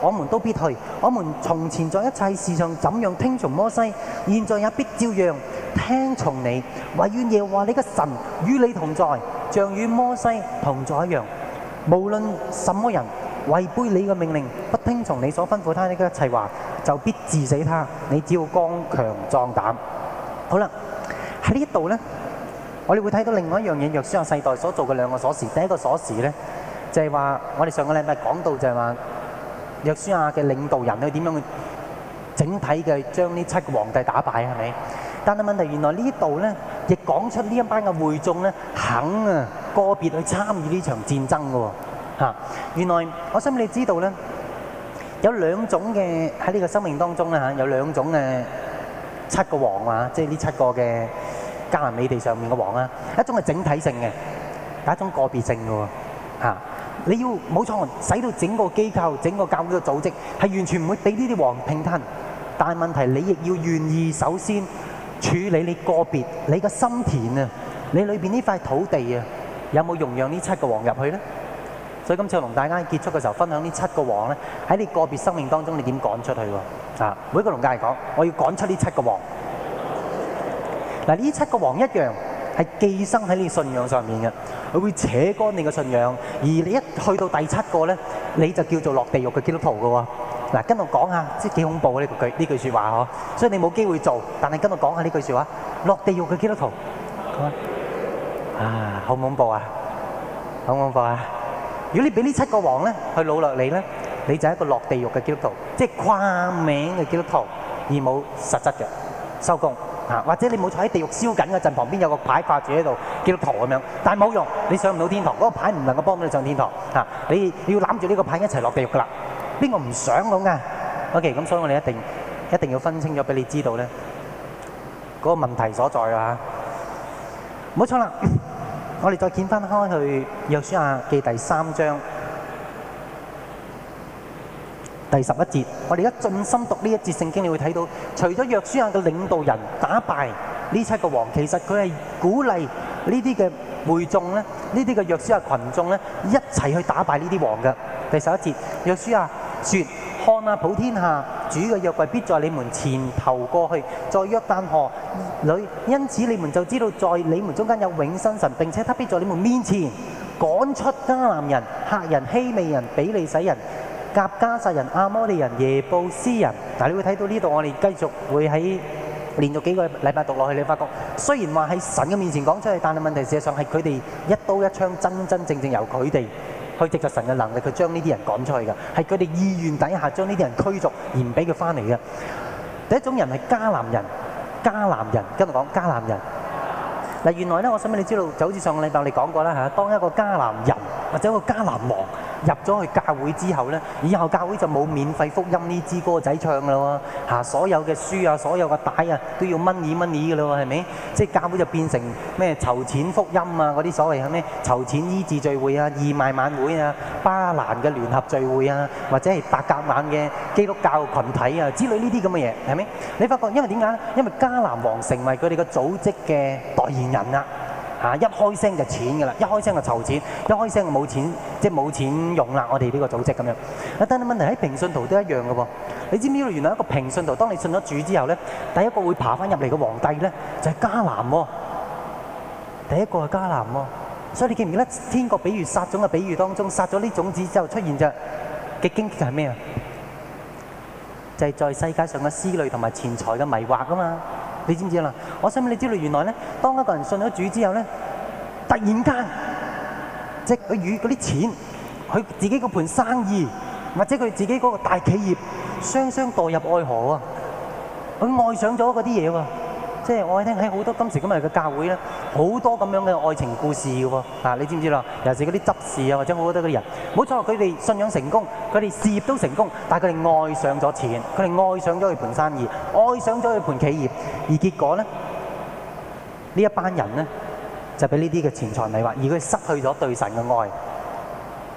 我們都必去。我們從前在一切事上怎樣聽從摩西，現在也必照樣聽從你。惟願耶和華你嘅神與你同在，像與摩西同在一樣。無論什麼人，違背你嘅命令，不聽從你所吩咐他嘅一切話，就必致死他。你只要剛強壯膽。好啦，喺呢度呢，我哋會睇到另外一樣嘢。約書亞世代所做嘅兩個鎖匙，第一個鎖匙呢，就係話我哋上個禮拜講到就係話約書亞嘅領導人去點樣去整體嘅將呢七個皇帝打敗係咪？但係問題，原來呢度呢，亦講出呢一班嘅會眾呢，肯啊個別去參與呢場戰爭㗎喎。吓！原來我想你知道咧，有兩種嘅喺呢個生命當中咧吓，有兩種嘅七個王啊，即係呢七個嘅迦南美地上面嘅王啊，一種係整體性嘅，有一種個別性嘅喎。你要冇錯，使到整個機構、整個教會嘅組織係完全唔會俾呢啲王併吞，但係問題你亦要願意首先處理你個別你嘅心田啊，你裏邊呢塊土地啊，有冇容讓呢七個王入去咧？所以今次我同大家結束嘅時候分享呢七個王咧，喺你個別生命當中你點趕出去喎？啊，每一個同大家講，我要趕出呢七個王。嗱，呢七個王一樣係寄生喺你信仰上面嘅，佢會扯乾你嘅信仰。而你一去到第七個咧，你就叫做落地獄嘅基督徒嘅喎。嗱，跟我講下，即係幾恐怖呢句呢句説話呵。所以你冇機會做，但係跟我講下呢句説話，落地獄嘅基督徒。好啊。啊，好恐怖啊！好恐怖啊！如果你俾呢七個王咧去奴役你咧，你就係一個落地獄嘅基督徒，即係掛名嘅基督徒而冇實質嘅收工啊！或者你冇坐喺地獄燒緊嘅陣，旁邊有個牌掛住喺度基督徒咁樣，但係冇用，你上唔到天堂嗰個牌唔能夠幫到你上天堂啊！你，你要攬住呢個牌一齊落地獄㗎啦！邊個唔想咁嘅？OK，咁所以我哋一定一定要分清咗俾你知道咧嗰個問題所在啊！冇錯啦。 我們再掀翻開去約書亞記第三章第十一節，我們而家盡心讀這一節聖經，你會看到，除了約書亞的領導人打敗這七個王，其實他是鼓勵這些的會眾咧，呢啲嘅約書亞群眾咧，一起去打敗這些王嘅。第十一節，約書亞說。看哪，普天下主嘅約櫃必在你們前頭過去，再約旦河裏，因此你們就知道在你們中間有永生神，並且他必在你們面前趕出迦南人、赫人、希未人、比利洗人、革迦撒人、亞摩利人、耶布斯人。嗱，你會睇到呢度，我哋繼續會喺連續幾個禮拜讀落去，你發覺雖然話喺神嘅面前講出去，但係問題事實上係佢哋一刀一槍，真真正正，正由佢哋。去藉著神嘅能力，去將呢啲人趕出去嘅，係佢哋意願底下將呢啲人驅逐，而唔俾佢翻嚟嘅。第一種人係迦南人，迦南人，今日講迦南人。嗱，原來咧，我想俾你知道，就好似上個禮拜我哋講過啦嚇，當一個迦南人或者一個迦南王。入咗去教會之後呢，以後教會就冇免費福音呢支歌仔唱啦喎，嚇，所有嘅書啊，所有嘅帶啊，都要 money money 嘅啦喎，係咪？即係教會就變成咩籌錢福音啊，嗰啲所謂係咩籌錢醫治聚會啊、義賣晚會啊、巴蘭嘅聯合聚會啊，或者係白鴿眼嘅基督教群體啊之類呢啲咁嘅嘢，係咪？你發覺因為點解咧？因為迦南王成為佢哋個組織嘅代言人啦。一開聲就錢噶啦，一開聲就籌錢，一開聲就冇錢，即係冇錢用啦！我哋呢個組織咁樣。但係問題喺平信徒都一樣噶喎。你知唔知原來一個平信徒，當你信咗主之後咧，第一個會爬翻入嚟嘅皇帝咧，就係迦南喎。第一個係迦南喎。所以你記唔記得天國比喻撒種嘅比喻當中，撒咗呢種子之後出現著嘅荊棘係咩啊？就係、是、在世界上嘅思慮同埋錢財嘅迷惑啊嘛！你知唔知啊，我想你知道原來呢，當一個人信咗主之後呢，突然間、即係、佢與嗰啲錢佢自己嗰盤生意，或者佢自己嗰個大企業雙雙墮入愛河，佢愛上咗嗰啲嘢喎。即係我聽喺好多今時今日嘅教會咧，好多咁樣嘅愛情故事嘅喎，啊你知唔知咯？尤其是嗰啲執事啊，或者好多嗰啲人，冇錯，佢哋信仰成功，佢哋事業都成功，但係佢哋愛上咗錢，佢哋愛上咗佢盤生意，愛上咗佢盤企業，而結果咧，呢一班人咧就俾呢啲嘅錢財迷惑，而佢失去咗對神嘅愛。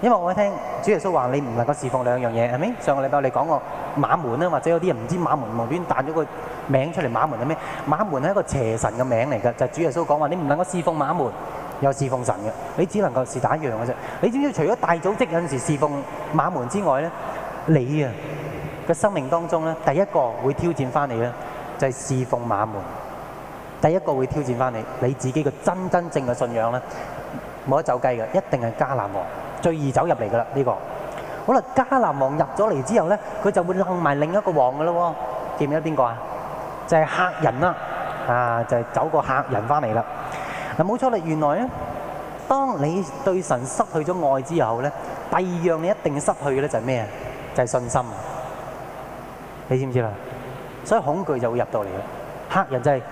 因為我聽主耶穌話你唔能夠侍奉兩樣嘢係咪？上個禮拜我哋講過馬門或者有啲人唔知道馬門門邊彈咗個名出嚟馬門係咩？馬門係一個邪神嘅名嚟㗎，就係主耶穌講話你唔能夠侍奉馬門又侍奉神嘅，你只能夠侍打一樣嘅啫。你知唔知除咗大組織有時時侍奉馬門之外呢你啊個生命當中呢第一個會挑戰返你咧，就係侍奉馬門。第一個會挑戰返你，你自己嘅真真正嘅信仰沒冇得走雞㗎，一定係迦南王。最易走入嚟噶啦，呢、這個好啦，迦南王入咗嚟之後咧，佢就會擸埋另一個王㗎咯喎，記唔記得邊個啊？就係、是、客人啦、啊，啊，就係、是、走個客人翻嚟啦。嗱、啊，冇錯啦，原來咧，當你對神失去咗愛之後咧，第二樣你一定失去嘅咧就係咩啊？就係、是、信心。你知唔知啦？所以恐懼就會入到嚟啦。客人真係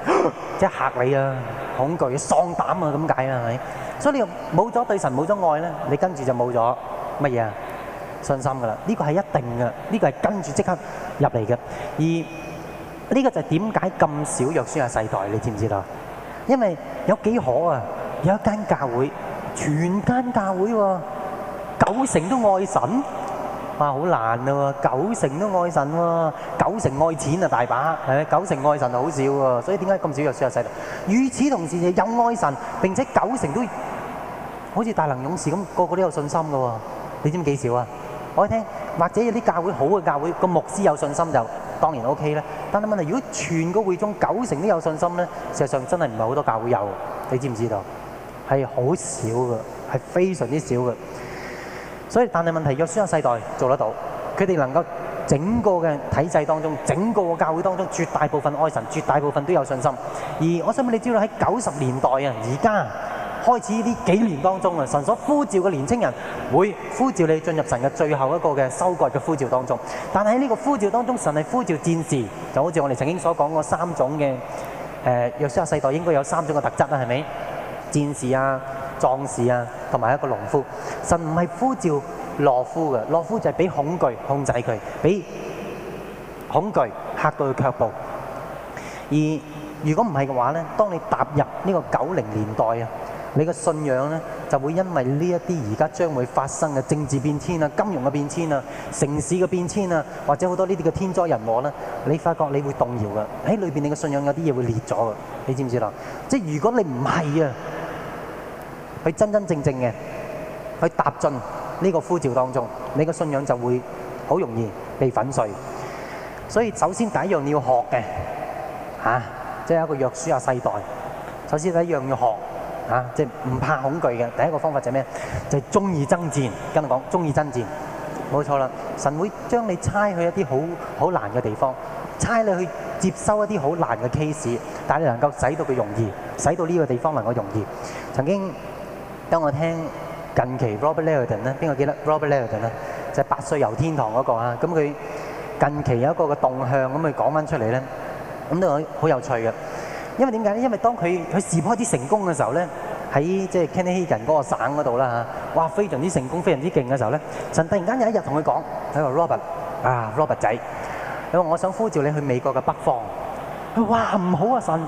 即係嚇你啊！恐懼喪膽啊，咁解啦，係咪？所以你又冇咗對神冇咗愛咧，你跟住就冇咗乜嘢啊？信心㗎喇，呢個係一定嘅，呢個係跟住即刻入嚟嘅。而呢個就係點解咁少約書亞嘅世代，你知唔知啦？因為有幾可啊，有一間教會，全間教會喎，九成都愛神，哇，好難咯，九成都愛神喎，九成愛錢啊大把，係，九成愛神就好少喎，所以點解咁少約書亞嘅世代？與此同時，有愛神並且九成都，好似大能勇士咁，個個都有信心噶喎。你知唔知幾少啊？我一聽，或者有啲教會好嘅教會，個牧師有信心就當然 OK 啦。但係問題，如果全個會中九成都有信心呢，事實上真係唔係好多教會有，你知唔知道？係好少嘅，係非常之少嘅。所以，但係問題，約書亞世代做得到，佢哋能夠整個嘅體制當中，整個個教會當中絕大部分愛神，絕大部分都有信心。而我想問你知道，喺九十年代啊，而家，開始呢幾年當中啊，神所呼召嘅年輕人會呼召你進入神嘅最後一個嘅收割嘅呼召當中。但喺呢個呼召當中，神係呼召戰士，就好似我哋曾經所講過三種嘅誒約書亞世代應該有三種嘅特質啊，係咪？戰士啊，壯士啊，同埋一個農夫。神唔係呼召懦夫嘅，懦夫就係俾恐懼控制佢，俾恐懼嚇到佢卻步。而如果唔係嘅話咧，當你踏入呢個九零年代啊～你嘅信仰呢，就會因為呢一啲而家將會發生嘅政治變遷啊、金融嘅變遷啊、城市嘅變遷啊，或者好多呢啲嘅天災人禍呢、啊，你發覺你會動搖嘅喺裏面，你嘅信仰有啲嘢會裂咗嘅，你知唔知道？即如果你唔係啊，去真真正正嘅去踏進呢個呼召當中，你嘅信仰就會好容易被粉碎。所以首先第一樣你要學嘅嚇，即、啊、係、就是、一個約書亞世代。首先第一樣要學。嚇、啊！即係唔怕恐懼嘅。第一個方法就係咩？就係鍾意爭戰。跟住講，鍾意爭戰，冇錯啦。神會將你差去一啲好好難嘅地方，差你去接收一啲好難嘅 case，但你能夠使到佢容易，使到呢個地方能夠容易。曾經等我聽近期 Robert Liardon 咧，邊個記得 Robert Liardon 咧？就係八歲遊天堂嗰、那個啊！咁佢近期有一個嘅動向，咁佢講翻出嚟咧，咁都好有趣嘅。因為點解咧？因為當佢佢試開始成功嘅時候咧，喺即係 Canadian 嗰個省嗰度啦嚇，哇非常之成功，非常之勁嘅時候咧，神突然間有一日同佢講，佢話 Robert 啊 Robert 仔，佢話我想呼召你去美國嘅北方，佢話唔好啊神。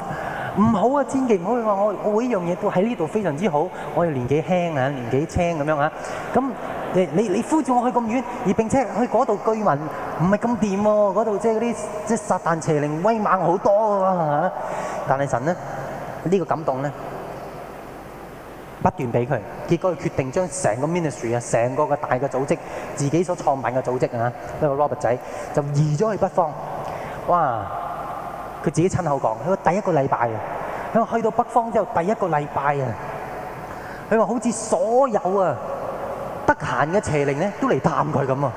唔好啊！千祈唔好去話我我會一樣嘢，都喺呢度非常之好。我哋年紀輕啊，年紀輕咁樣啊。咁你你你呼召我去咁遠，而並且去嗰度居民唔係咁掂喎。嗰度即係嗰啲即係撒旦邪靈威猛好多喎、啊、嚇。但係神呢，呢、呢個感動咧不斷俾佢，結果佢決定將成個 ministry 啊，成個嘅大嘅組織，自己所創辦嘅組織啊，呢、呢個 Robert 仔就移咗去北方。哇！佢自己親口講，佢話第一個禮拜啊，佢話去到北方之後，第一個禮拜啊，佢話好似所有啊得閒嘅邪靈咧，都嚟探佢咁啊，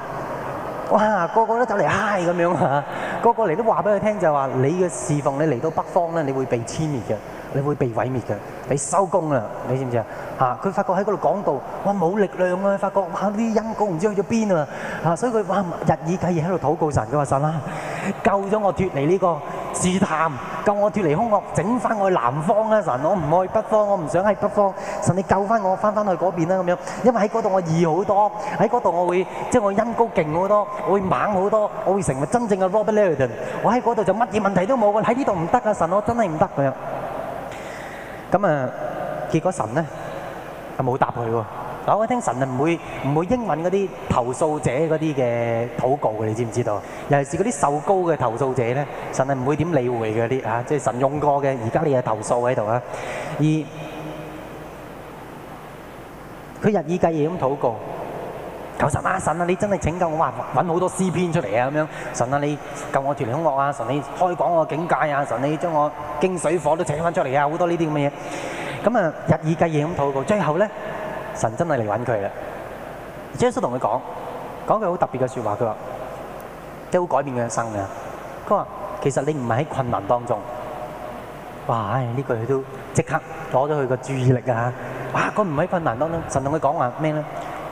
哇，個個都走嚟嗨咁樣啊，個個嚟都話俾佢聽就話，你嘅侍奉你嚟到北方咧，你會被殲滅嘅，你會被毀滅嘅，你收工啦，你知唔知啊？嚇，佢發覺喺嗰度講道，哇，冇力量啊，發覺哇，啲因果唔知去咗邊啊，嚇，所以佢哇，日以繼夜喺度禱告神，佢話神啊，救咗我脱離呢個。試探救我脱離凶惡，整翻我去南方啦！神，我唔愛去北方，我唔想喺北方。神，你救翻我，翻翻去嗰邊啦咁樣。因為喺嗰度我易好多，喺嗰度我會即係我音高勁好多，我會猛好多，我會成為真正嘅 Robert Layton。我喺嗰度就乜嘢問題都冇。我喺呢度唔得啊！神，我真係唔得咁樣。咁啊，結果神咧係冇答佢喎。我一聽，神係唔會唔會應允嗰啲投訴者嗰啲嘅禱告嘅，你知唔知道？尤其是嗰啲受高嘅投訴者咧，神係唔會點理會嗰啲嚇，即係神用過嘅，而家你又投訴喺度啊！而佢日以繼夜咁禱告，求神啊！神啊！你真係拯救我啊！揾好多詩篇出嚟啊！咁樣，神啊！你救我脱離凶惡啊！神你開廣我境界啊！神你將我經水火都請翻出嚟啊！好多呢啲咁嘅嘢。咁啊，日以繼夜咁禱告，最後咧。神真係嚟揾佢啦，耶穌同佢講講句好特別嘅説話，佢話：即係，佢會改變佢一生嘅。佢話：其實你唔係喺困難當中。哇！哎，呢句佢都即刻攞咗佢個注意力啊！哇！佢唔喺困難當中，神同佢講話咩咧？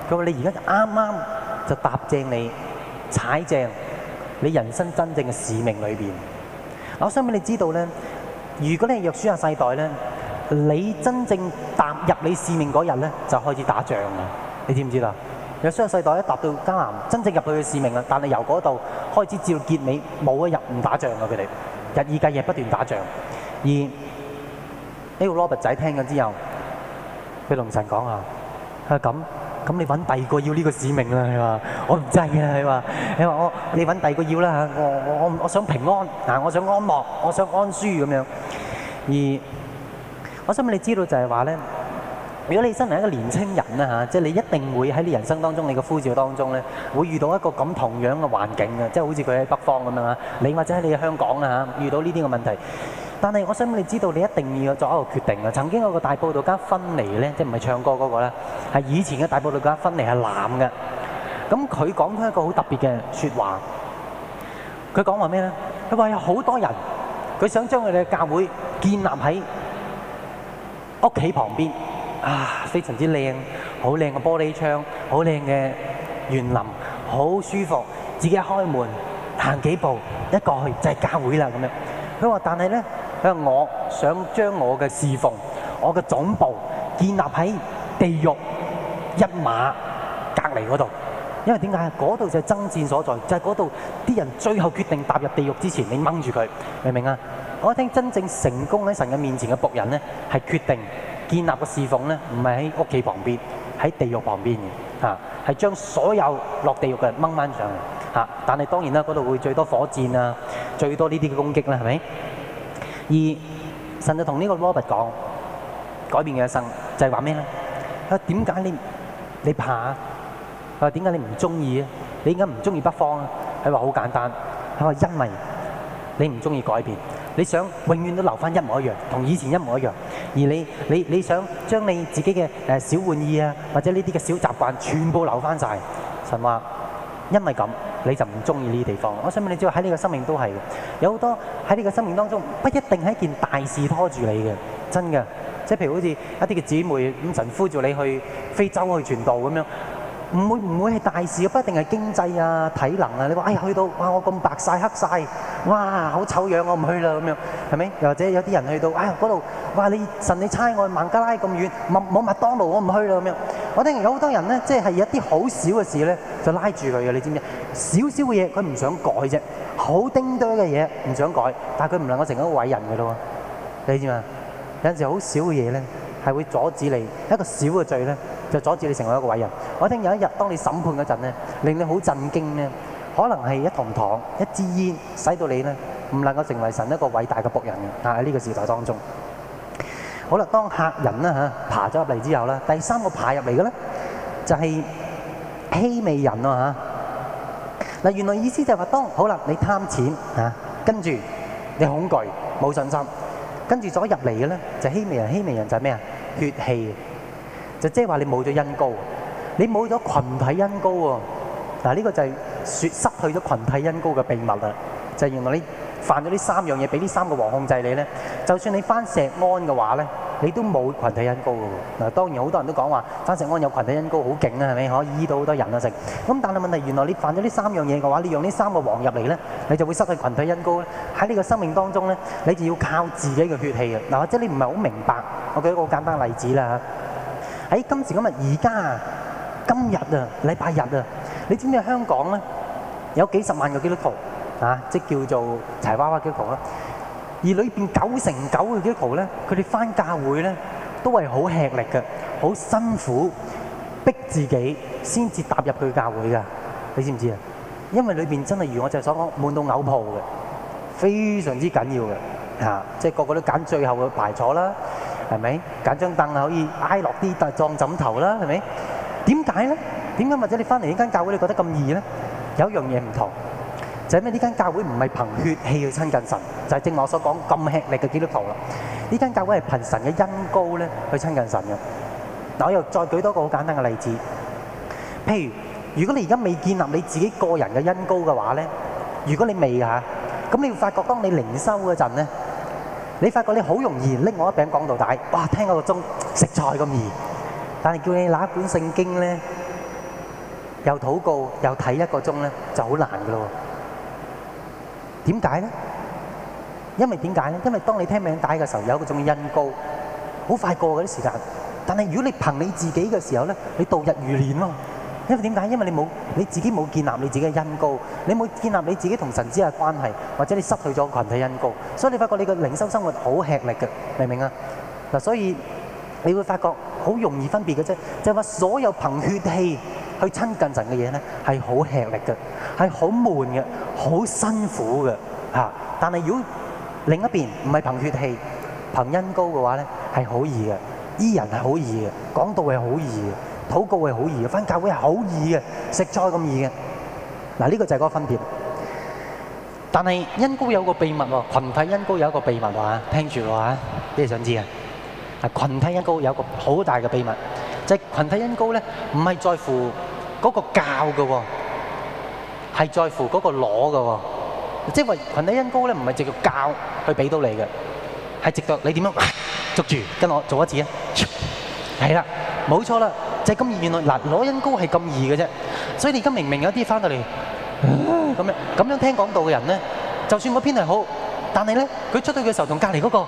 佢話：你而家就啱啱就踏正你踩正你人生真正嘅使命裏邊。我想俾你知道咧，如果你係約書亞世代咧。你真正踏入你使命嗰日咧，就開始打仗嘅。你知唔知啦？有雙世代一踏到迦南，真正入去嘅使命啦。但係由嗰度開始照到結尾，冇一日唔打仗嘅佢哋，日以繼夜不斷打仗。而呢個羅伯仔聽咗之後，佢龍神講啊：啊，咁，咁你揾第二個要呢個使命啦？係嘛？我唔制啊！你話你話我，你揾第二個要啦。我我我我想平安，嗱，我想安樂，我想安舒咁樣。而我想俾你知道就係話咧，如果你身為一個年青人咧嚇，即、啊、係、就是、你一定會喺你人生當中，你嘅呼召當中咧，會遇到一個咁同樣嘅環境嘅，即、啊、係、就是、好似佢喺北方咁樣啦。你或者喺你嘅香港啦嚇、啊，遇到呢啲嘅問題。但係我想俾你知道，你一定要作一個決定嘅、啊。曾經有個大佈道家芬尼咧、啊，即係唔係唱歌嗰、那個咧，係以前嘅大佈道家芬尼係男嘅。咁佢講佢一個好特別嘅説話。佢講話咩咧？佢話有好多人，佢想將佢哋嘅教會建立喺屋企旁邊啊，非常之靚，好靚嘅玻璃窗，好靚嘅園林，好舒服。自己一開門，行幾步，一過去就係教會啦咁樣。佢話但係咧，佢話我想將我嘅侍奉，我嘅總部建立喺地獄一馬隔離嗰度。因為點解啊？嗰度就係爭戰所在，就係嗰度啲人最後決定踏入地獄之前，你掹住佢，明唔明啊？我聽真正成功喺神嘅面前嘅僕人呢是係決定建立個侍奉呢，不唔係喺屋企旁邊，喺地獄旁邊嘅，將係將所有落地獄嘅掹翻上嚟，啊、但係當然啦，嗰度會最多火箭啊，最多呢啲嘅攻擊啦，係咪？而神就同呢個羅拔講改變嘅一生就是說什麼呢，就係話咩咧？佢話點解你怕？點解你唔鍾意？你點解唔中意北方？佢話好簡單，佢話因為你唔鍾意改變。你想永遠都留翻一模一樣，同以前一模一樣。而你你你想將你自己嘅誒小玩意啊，或者呢啲嘅小習慣全部留翻晒。神話因為咁你就唔中意呢啲地方。我想問你，知道喺你嘅生命都係嘅，有好多喺你嘅生命當中，不一定係一件大事拖住你嘅，真嘅。即係譬如好似一啲嘅姊妹咁，神呼召你去非洲去傳道咁樣。唔會唔會係大事嘅，不一定係經濟啊、體能啊。你話唉、哎，去到哇，我咁白晒、黑晒，哇，好醜樣，我唔去啦咁樣，係咪？又或者有啲人去到唉，嗰、哎、度哇，你神你差我孟加拉咁遠，冇冇麥當勞，我唔去啦咁樣。我聽到有好多人咧，即、就、係、是、有一啲好少嘅事咧，就拉住佢嘅，你知唔知？少少嘅嘢，佢唔想改啫。好丁堆嘅嘢唔想改，但係佢唔能夠成一個偉人嘅咯。你知嘛？有陣時好少嘅嘢咧，係會阻止你一個小嘅罪咧。就阻止你成為一個偉人，我聽有一日當你審判嗰陣呢，令你好震驚呢，可能係一堂堂，一支煙使到你呢，唔能夠成為神一個偉大的僕人，但係呢個時代當中。就即係話你冇咗恩膏，你冇咗群體恩膏喎。嗱、啊，呢、這個就係說失去咗群體恩膏嘅秘密啦。就是、原來你犯咗呢三樣嘢，俾呢三個王控制你咧。就算你返錫安嘅話咧，你都冇群體恩膏嘅喎。嗱、啊，當然好多人都講話返錫安有群體恩膏好勁啊，係咪可以醫到好多人啊？食咁，但係問題原來你犯咗呢三樣嘢嘅話，你用呢三個王入嚟咧，你就會失去群體恩膏咧。喺你嘅生命當中咧，你就要靠自己嘅血氣嘅嗱。或者你唔係好明白，我舉一個好簡單例子啦。啊喺今時今日而家啊，今日啊，禮拜日啊，你知唔知香港咧有幾十萬個基督徒啊，即係叫做柴娃娃基督徒啦。而裏邊九成九嘅基督徒咧，佢哋返教會咧都係好吃力嘅，好辛苦，逼自己先至踏入去教會噶，你知唔知啊？因為裏邊真係如我哋所講，滿到嘔泡嘅，非常之緊要嘅，啊，即係個個都揀最後嘅排坐啦。係咪揀張凳可以挨落啲，但係撞枕頭啦，係咪？點解呢？點解或者你返嚟呢間教會你覺得咁易呢？有一樣嘢唔同，就係咩？呢間教會唔係憑血氣去親近神，就係、是、正我所講咁吃力嘅基督徒啦。呢間教會係憑神嘅恩高去親近神嘅。嗱，我又再舉多一個好簡單嘅例子。譬如，如果你而家未建立你自己個人嘅恩高嘅話呢，如果你未嚇，咁你會發覺當你靈修嗰陣咧。你因為點解？因為你冇你自己冇建立你自己嘅恩膏，你冇建立你自己同神之間嘅關係，或者你失去咗羣體恩膏，所以你發覺你個靈修生活好吃力嘅，明唔明啊？嗱，所以你會發覺好容易分別嘅啫，就係話所有憑血氣去親近神嘅嘢咧，係好吃力嘅，係好悶嘅，好辛苦嘅嚇。但係如果另一邊唔係憑血氣，憑恩膏嘅話咧，係好易嘅，醫人係好易嘅，講道係好易嘅。禱告係好易嘅，返教會係好易嘅，食菜咁易嘅。嗱，呢個就係嗰個分別。但係恩膏有個秘密喎，羣體恩膏有一個秘密喎，聽住喎，啊，咩想知啊？係羣體恩膏有一個好大嘅秘密，即係羣體恩膏咧，唔係在乎嗰個教嘅，係在乎嗰個攞嘅。即係話羣體恩膏咧，唔係只個教去俾到你嘅，係直到你點樣捉住跟我做一次啊？係啦，冇錯啦。就係咁易，原來嗱攞恩膏係咁易嘅啫。所以你而家明明有啲翻到嚟咁樣咁樣聽講道嘅人咧，就算個編排好，但係咧佢出到去嘅時候同隔離嗰個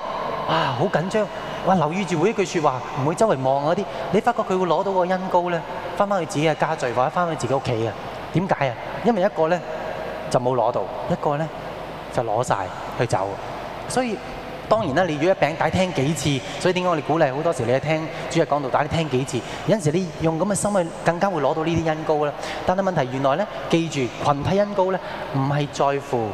啊，好緊張，哇留意住每一句説話，唔會周圍望嗰啲，你發覺佢會攞到個恩膏咧，翻返去自己嘅家聚，或者翻返去自己屋企嘅。點解啊？因為一個咧就冇攞到，一個咧就攞曬去走。所以。當然啦！你如果一餅底聽幾次，所以點解我哋鼓勵好多時，你去聽主日講道底聽幾次，有陣時你用咁嘅心去，更加會攞到呢啲恩膏啦。但係問題原來咧，記住羣體恩膏咧，唔係在乎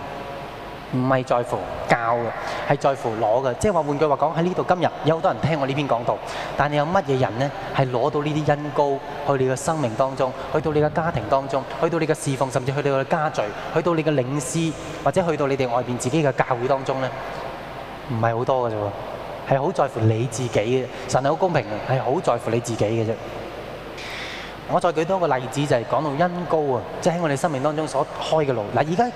唔係在乎教嘅，係在乎攞嘅。即係話換句話講，喺呢度今日有好多人聽我呢篇講道，但係有乜嘢人咧係攞到呢啲恩膏去你嘅生命當中，去到你嘅家庭當中，去到你嘅侍奉，甚至去到你嘅家聚，去到你嘅領師，或者去到你哋外邊自己嘅教會當中咧？唔係好多嘅啫喎，係好在乎你自己嘅，神係好公平嘅，係好在乎你自己嘅啫。我再舉多個例子，就係講到恩高啊，即係喺我哋生命當中所開嘅路。嗱，而家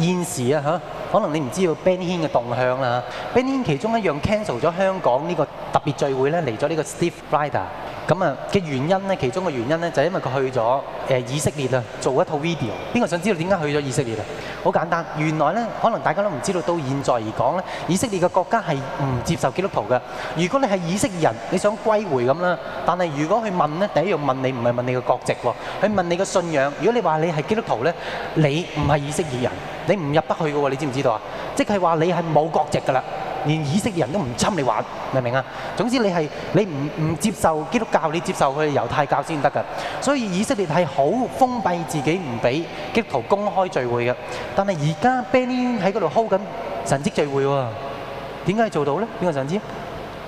現時啊嚇可能你唔知道 Ben Hin 嘅動向啦。Ben Hin 其中一樣 cancel 咗香港呢個特別聚會咧，嚟咗呢個 Steve Ryder。咁啊嘅原因咧，其中嘅原因咧就係、是、因為佢去咗誒、呃、以色列啊，做一套 video。邊個想知道點解去咗以色列啊？好簡單，原來咧可能大家都唔知道，到現在而講咧，以色列嘅國家係唔接受基督徒嘅。如果你係以、哦、以色列人，你想歸回咁啦，但係如果佢問咧，第一樣問你唔係問你嘅國籍喎，佢問你嘅信仰。如果你話你係基督徒咧，你唔係以色列人，你唔入得去嘅喎，哦，你知唔知道啊？即係話你係冇國籍嘅啦。連以色列人都唔侵你玩，你明唔明啊？總之你係你唔唔接受基督教，你接受佢猶太教先得㗎。所以以色列係好封閉自己，唔俾基督徒公開聚會㗎。但係而家 Benny 喺嗰度 hold 緊神職聚會喎，點解做到呢？邊個神職？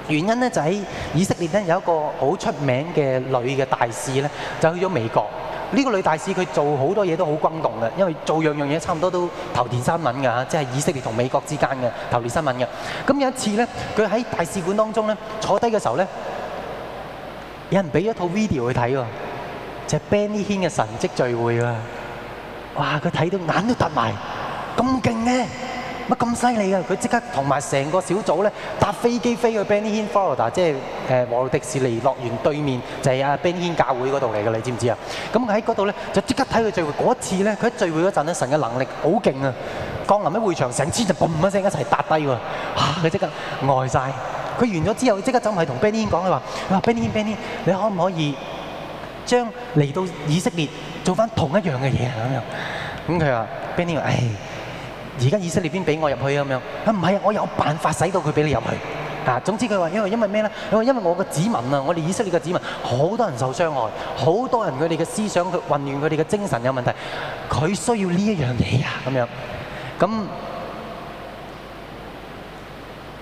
原因呢就喺、是、以色列咧有一個好出名嘅女嘅大使咧，就去咗美國。呢、這個女大使佢做好多嘢都好轟動嘅，因為做樣樣嘢差唔多都頭條新聞㗎，即係以色列同美國之間嘅頭條新聞嘅。咁有一次呢，她佢喺大使館當中呢，坐低嘅時候呢，有人俾一套 video 去睇喎，就係、是、Benny Hinn 的嘅神蹟聚會、啊、哇，佢睇到眼都凸埋，咁勁呢！乜咁犀利啊！佢即刻同埋成個小組咧搭飛機飛去 Benny Hinn Florida，即係誒華特迪士尼樂園對面就係阿 Benny Hinn 教會嗰度嚟嘅，你知唔知啊？咁喺嗰度咧就即刻睇佢聚會嗰次咧，佢喺聚會嗰陣咧神嘅能力好勁啊！降臨喺會場，成支就 boom 一聲一齊搭低喎，嚇佢即刻呆晒。佢完咗之後，即刻走埋同 Benny Hinn 講，佢話：，你話 Benny Hinn Benny Hinn 你可唔可以將嚟到以色列做翻同一樣嘅嘢啊？咁樣，咁佢話 Benny Hinn 唉。而家以色列邊俾我入去咁樣？啊，唔係啊，我有辦法使到佢俾你入去。啊，總之佢話，因為因為咩咧？因為因為我個子民啊，我哋以色列嘅子民，好多人受傷害，好多人佢哋嘅思想佢混亂，佢哋嘅精神有問題，佢需要呢一樣嘢啊咁樣。咁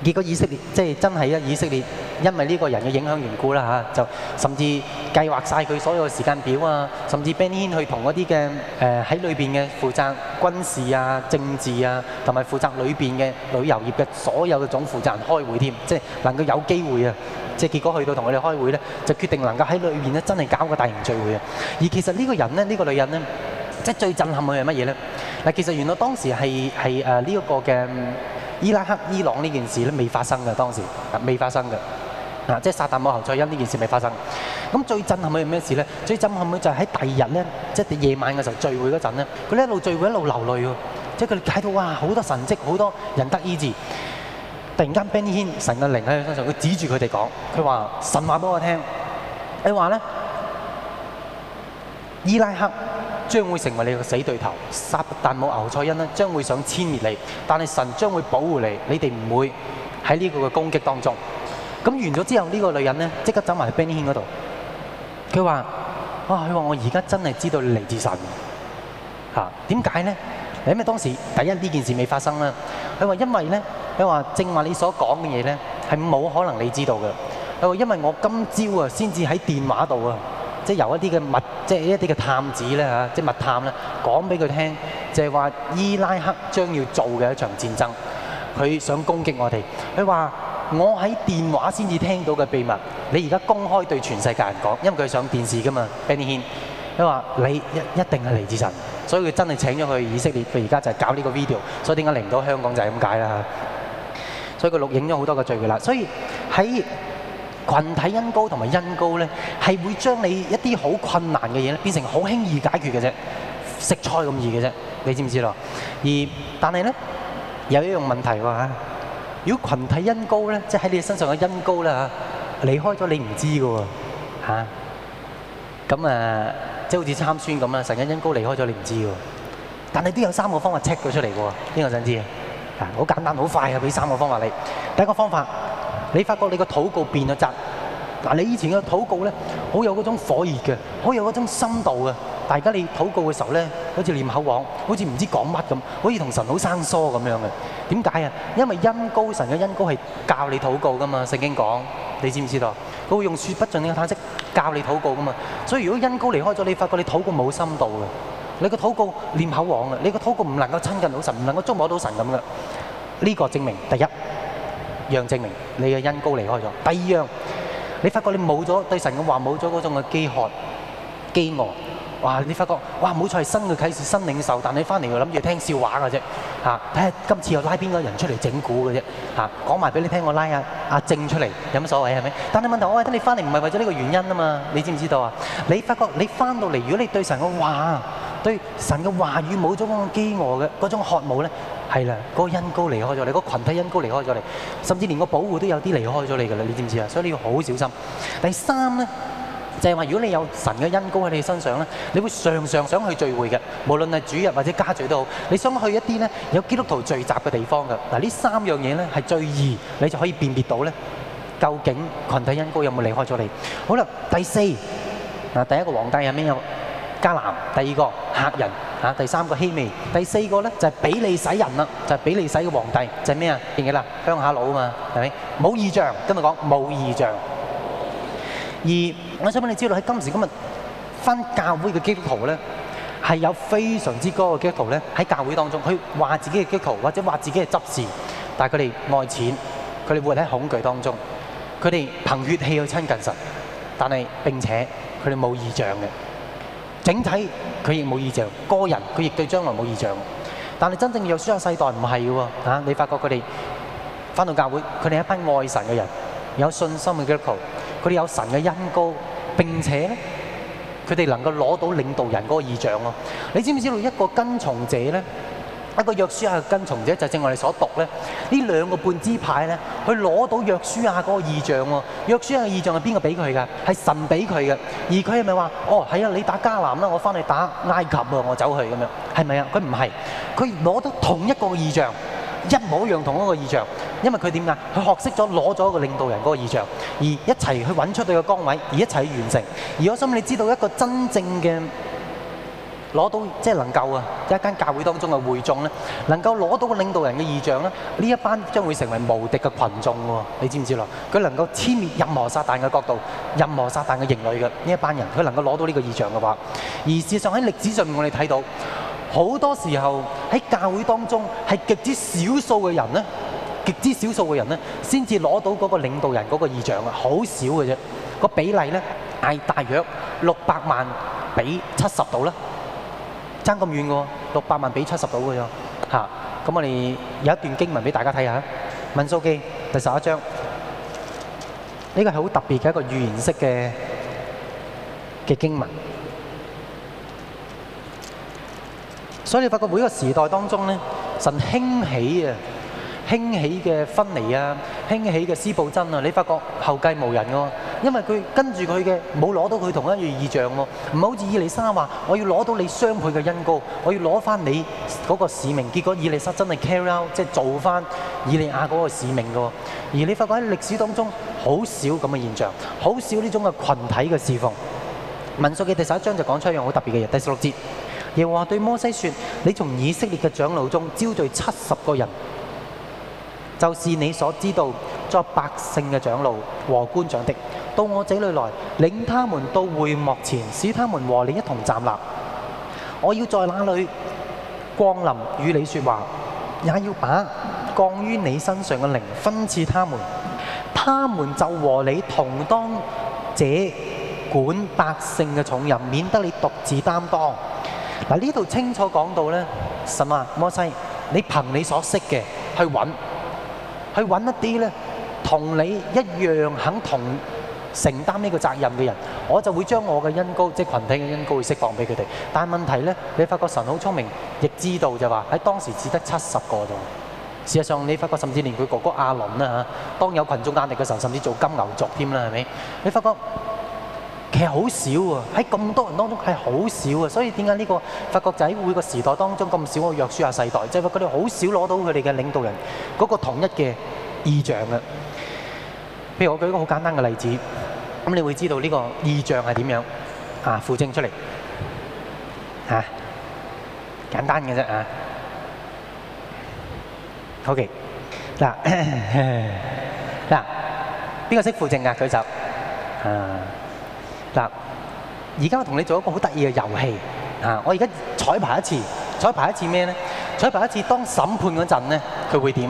結果以色列即係真係咧，以色列因為呢個人嘅影響緣故啦嚇，就甚至計劃晒佢所有嘅時間表啊，甚至 band 偏偏去同嗰啲嘅誒喺裏邊嘅負責軍事啊、政治啊，同埋負責裏邊嘅旅遊業嘅所有嘅總負責人開會添，即係能夠有機會啊！即係結果去到同佢哋開會咧，就決定能夠喺裏邊咧真係搞個大型聚會啊！而其實呢個人呢，呢、呢個女人呢，即係最震撼佢係乜嘢呢？嗱，其實原來當時係係誒呢一個嘅。伊拉克、伊朗呢件事咧未發生嘅，當時啊未發生嘅，啊即係薩達姆侯賽因呢件事未發生。咁、啊、最，最震撼係咩事咧？最震撼嘅就係喺第二日咧，即係夜晚嘅時候聚會嗰陣咧，佢哋一路聚會一路流淚喎。即係佢哋睇到哇，好多神跡，好多人得醫治。突然間，Benny Hinn 神嘅靈喺佢身上，佢指住佢哋講：佢話神話俾我聽，你話咧伊拉克將會成為你個死對頭，薩達姆牛賽恩呢，將會想殲滅你，但係神將會保護你，你哋唔會喺呢個嘅攻擊當中。咁完咗之後，呢、呢個女人呢，即刻走埋去 Benny Hinn 嗰度，佢話：啊，佢話我而家真係知道你嚟自神嚇。點、啊、解呢？因為當時第一呢件事未發生啦。佢話因為呢，佢話正話你所講嘅嘢呢，係冇可能你知道嘅。佢話因為我今朝啊先至喺電話度啊。即係有一啲嘅密，即係一啲嘅探子咧吓，即係密探咧，講俾佢聽，就係話伊拉克將要做嘅一場戰爭，佢想攻擊我哋。佢話我喺電話先至聽到嘅秘密，你而家公開對全世界人講，因為佢上電視㗎嘛，Benny Hinn。佢話你一一定係嚟自神，所以佢真係請咗佢以色列，佢而家就搞呢個 video 所個。所以點解嚟唔到香港就係咁解啦。吓，所以佢錄影咗好多個罪㗎啦。所以喺羣體恩膏同埋恩膏咧，係會將你一啲好困難嘅嘢咧，變成好輕易解決嘅啫，食菜咁易嘅啫，你知唔知咯？而但係咧有一樣問題喎嚇，如果羣體恩膏咧，即係喺你身上嘅恩膏啦，離開咗你唔知嘅喎嚇，咁誒即係好似參孫咁啦，神恩恩膏離開咗你唔知嘅，但係都有三個方法 check 到出嚟嘅喎，邊個想知啊？好簡單好快嘅，俾三個方法你，第一個方法。你發覺你個禱告變咗質，嗱你以前嘅禱告咧，好有嗰種火熱嘅，好有嗰種深度嘅。大家你禱告嘅時候咧，好似念口簧，好似唔知講乜咁，好似同神好生疏咁樣嘅。點解啊？因為恩膏神嘅恩膏係教你禱告噶嘛，聖經講，你知唔知道？佢會用説不盡嘅嘆息教你禱告噶嘛。所以如果恩膏離開咗，你發覺你禱告冇深度嘅，你個禱告念口簧嘅，你個禱告唔能夠親近到神，唔能夠觸摸到神咁嘅。呢個證明第一樣證明你嘅恩膏離開咗。第二樣，你發覺你冇咗對神嘅話冇咗嗰種嘅飢渴、飢餓。哇！你發覺哇冇錯係新嘅啟示、新領受。但你翻嚟又諗住聽笑話嘅啫。嚇！睇下今次又拉邊個人出嚟整蠱嘅啫。嚇！講埋俾你聽，我拉阿阿正出嚟有乜所謂係咪？但係問題我話得你翻嚟唔係為咗呢個原因啊嘛。你知唔知道啊？你發覺你翻到嚟，如果你對神嘅話、對神嘅話語冇咗嗰種飢餓嘅嗰種渴慕咧？係啦，嗰個恩膏離開咗你，嗰羣體恩膏離開咗你，甚至連個保護都有啲離開咗你嘅啦，你知唔知啊？所以你要好小心。第三咧就係話，如果你有神嘅恩膏喺你身上咧，你會常常想去聚會嘅，無論係主日或者家聚都好，你想去一啲咧有基督徒聚集嘅地方嘅。嗱，呢三樣嘢咧係最易你就可以辨別到咧，究竟羣體恩膏有冇離開咗你。好啦，第四嗱，第一個皇帝入面有迦南，第二個客人。第三個希微，第四個咧就係俾你洗人啦，就係俾你洗嘅皇帝，就係咩啊？整體佢亦冇異象，個人佢亦對將來冇異象。但係真正約書亞世代唔係喎嚇，你發覺佢哋返到教會，佢哋係一班愛神嘅人，有信心嘅 group，佢哋有神嘅恩膏，並且咧，佢哋能夠攞到領導人嗰個異象喎。你知唔知道一個跟從者咧？一個約書亞嘅跟從者就正我哋所讀咧，呢兩個半支牌咧，佢攞到約書亞嗰個異象喎。約書亞嘅異象係邊個俾佢㗎？係神俾佢嘅。而佢係咪話：哦，係啊，你打迦南啦，我翻去打埃及啊，我走去咁樣，係咪啊？佢唔係，佢攞到同一個異象，一模一樣同一個異象。因為佢點解？佢學識咗攞咗個領導人嗰個異象，而一齊去揾出佢嘅崗位，而一齊去完成。而我心裏知道一個真正嘅。攞到即係能夠啊！一間教會當中嘅會眾呢，能夠攞到個領導人嘅異象呢，呢一班將會成為無敵嘅群眾喎！你知唔知咯？佢能夠殲滅任何撒旦嘅國度、任何撒旦嘅營壘嘅呢一班人，佢能夠攞到呢個異象嘅話，而事實上喺歷史上面我哋睇到，好多時候喺教會當中係極之少數嘅人呢，極之少數嘅人呢，先至攞到嗰個領導人嗰個異象啊！好少嘅啫，個比例呢，係大約六百萬比七十度啦。差咁遠嘅喎，六百萬比七十萬嘅啫嚇。咁我哋有一段經文俾大家睇下，《民數記》第十一章，呢個係好特別嘅一個預言式嘅嘅經文。所以你發覺每個時代當中咧，神興起啊！興起嘅分離啊，興起嘅撕布珍啊，你發覺後繼無人嘅、啊、因為佢跟住佢嘅冇攞到佢同一樣異象喎、啊，唔係好似以利沙話我要攞到你雙倍嘅恩膏，我要攞翻你嗰個使命，結果以利沙真係 carry out 即係做翻以利亞嗰個使命嘅、啊、而你發覺喺歷史當中好少咁嘅現象，好少呢種嘅群體嘅事奉。民數記第十一章就講出一樣好特別嘅嘢，第十六節又話對摩西説：你從以色列嘅長老中招聚七十個人。就是你所知道作百姓嘅長老和官長的，到我這裏來，領他們到會幕前，使他們和你一同站立。我要在那裏降臨與你說話，也要把降於你身上嘅靈分賜他們，他們就和你同當這管百姓嘅重任，免得你獨自擔當。嗱，呢度清楚講到咧，神啊摩西，你憑你所識嘅去揾。去揾一啲咧，同你一樣肯同承擔呢個責任嘅人，我就會將我嘅恩膏，即係羣體嘅恩膏會釋放俾佢哋。但係問題咧，你發覺神好聰明，亦知道就話、是、喺當時只得七十個啫。事實上，你發覺甚至連佢哥哥亞倫咧嚇，當有群眾壓力嘅時候，甚至做金牛犢添啦，係咪？你發覺。其實好少喎、啊，喺咁多人當中係好少啊，所以點解呢個法國仔會個時代當中咁少個約書亞世代？就係佢哋好少攞到佢哋嘅領導人嗰個統一嘅異象啊。譬如我舉一個好簡單嘅例子，咁你會知道呢個異象係點樣啊？輔證出嚟嚇、啊，簡單嘅啫啊。OK，嗱、啊、嗱，邊個識扶證啊？舉手啊！嗱，而家我同你做一個好得意嘅遊戲啊！我而家彩排一次，彩排一次咩咧？彩排一次當審判嗰陣咧，佢會點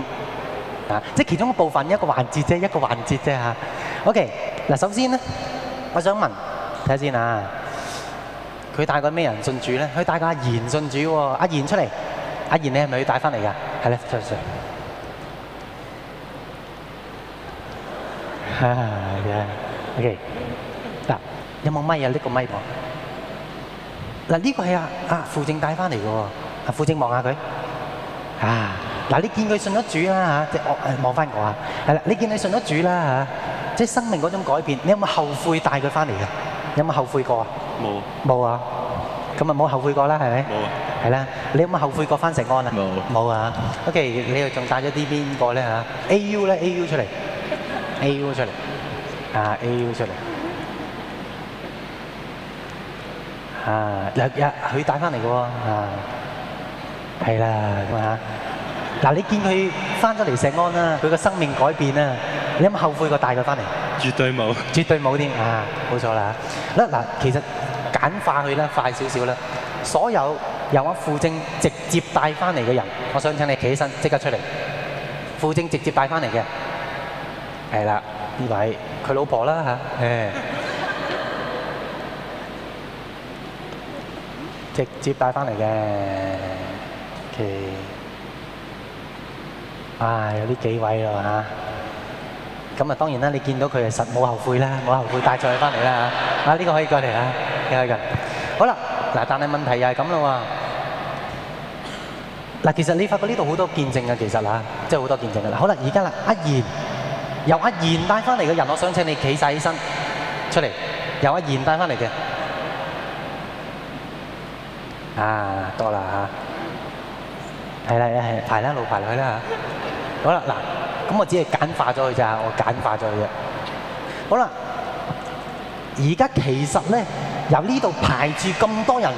啊？即係其中一部分一個環節啫，一個環節啫嚇。OK，嗱，首先咧，我想問睇下先啊，佢帶個咩人信主咧？佢帶個阿賢信主喎，阿賢出嚟，阿賢你係咪要帶翻嚟噶？係啦，出唔出？哈哈，得 OK。有冇咪啊？呢個咪噃。嗱呢個係阿阿傅正帶翻嚟嘅喎。阿傅正望下佢。啊，嗱你見佢信咗主啦吓，即係望翻我啊。係啦，你見佢信咗主啦吓，即係生命嗰種改變。你有冇後悔帶佢翻嚟噶？有冇後悔過啊？冇。冇啊。咁啊冇後悔過啦，係咪？冇。係啦，你有冇後悔過翻成安啊？冇。冇啊。O K，你又仲帶咗啲邊個咧吓？A U 咧，A U 出嚟。A U 出嚟。啊，A U 出嚟。啊，兩日佢帶翻嚟嘅喎，啊，係啦，咁啊，嗱、啊、你見佢翻咗嚟錫安啦，佢個生命改變啦，你有冇後悔過帶佢翻嚟？絕對冇， 絕對冇添，啊，冇錯啦，嗱、啊、嗱，其實簡化佢咧快少少啦，所有由我傅正直接帶翻嚟嘅人，我想請你企起身即刻出嚟，傅正直接帶翻嚟嘅，係啦，呢位佢老婆啦嚇，誒、啊。是的直接帶翻嚟嘅，OK 啊，有呢幾位咯嚇，咁啊當然啦，你見到佢啊，實冇後悔啦，冇後悔帶咗佢翻嚟啦嚇，啊，呢個可以過嚟啦，可以嘅，好啦，嗱，但係問題又係咁咯喎，嗱，其實你發覺呢度好多見證嘅其實啦，即係好多見證嘅啦，好啦，而家啦，阿賢由阿賢帶翻嚟嘅人，我想請你企曬起身出嚟，由阿賢帶翻嚟嘅。啊，多啦嚇，係啦，係排啦，老排落去啦嚇。好啦，嗱，咁我只係簡化咗佢咋，我簡化咗佢咋。好啦，而家其實咧，由呢度排住咁多人，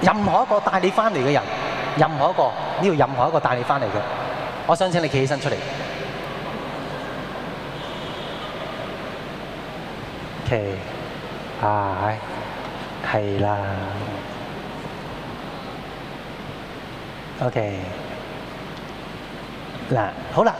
任何一個帶你翻嚟嘅人，任何一個呢度任何一個帶你翻嚟嘅，我想請你企起身出嚟。OK，啊，係啦。OK 嗱，好啦，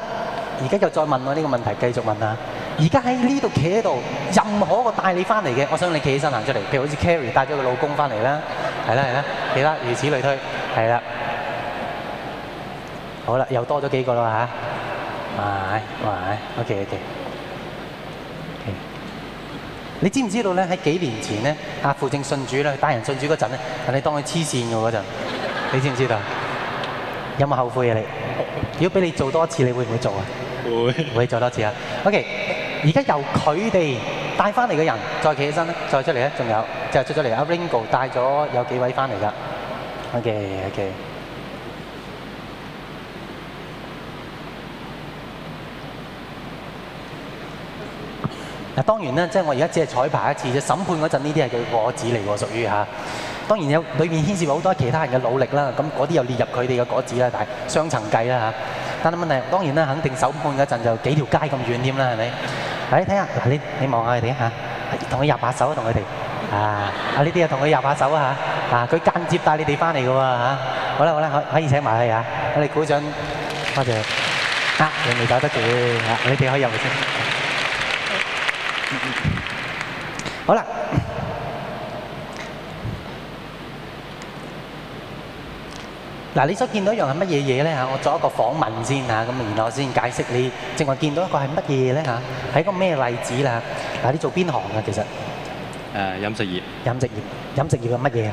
而家又再問我呢個問題，繼續問啦。而家喺呢度企喺度，任何一個帶你翻嚟嘅，我想你企起身行出嚟。譬如好似 Carrie 帶咗個老公翻嚟啦，係啦係啦，其他如此類推，係啦。好啦，又多咗幾個啦嚇，喂喂，OK OK。你知唔知道咧？喺幾年前咧，阿傅正信主咧，帶人信主嗰陣咧，係你當佢黐線嘅嗰陣，你知唔知道？有冇後悔嘅、啊、你？如果俾你做多次，你會唔會做啊？會會做多次啊？OK，而家由佢哋帶翻嚟嘅人再企起身咧，再出嚟咧，仲有就係、出咗嚟。阿 Ringo 帶咗有幾位翻嚟噶？OK OK。嗱、啊，當然啦，即係我而家只係彩排一次啫。審判嗰陣呢啲係佢個子嚟喎，屬於嚇。啊當然有，裏面牽涉埋好多其他人嘅努力啦，咁嗰啲又列入佢哋嘅果子啦，但係雙層計啦嚇。但係問題當然咧，肯定首判嗰陣就幾條街咁遠添啦，係咪？誒，睇下嗱，你你望下佢哋嚇，同佢入下手同佢哋啊，啊呢啲啊同佢入下手嚇，啊佢間接帶你哋翻嚟㗎喎嚇。好啦好啦，可可以請埋佢嚇，我哋鼓掌，多謝。啊，仲未打得住，啊，你哋可以入去先。好啦。嗱，你所見到一樣係乜嘢嘢咧嚇？我作一個訪問先嚇，咁然後我先解釋你，正話見到一個係乜嘢咧嚇？係一個咩例子啦？嗱，你做邊行噶？其實誒飲食業飲食業飲食業係乜嘢啊？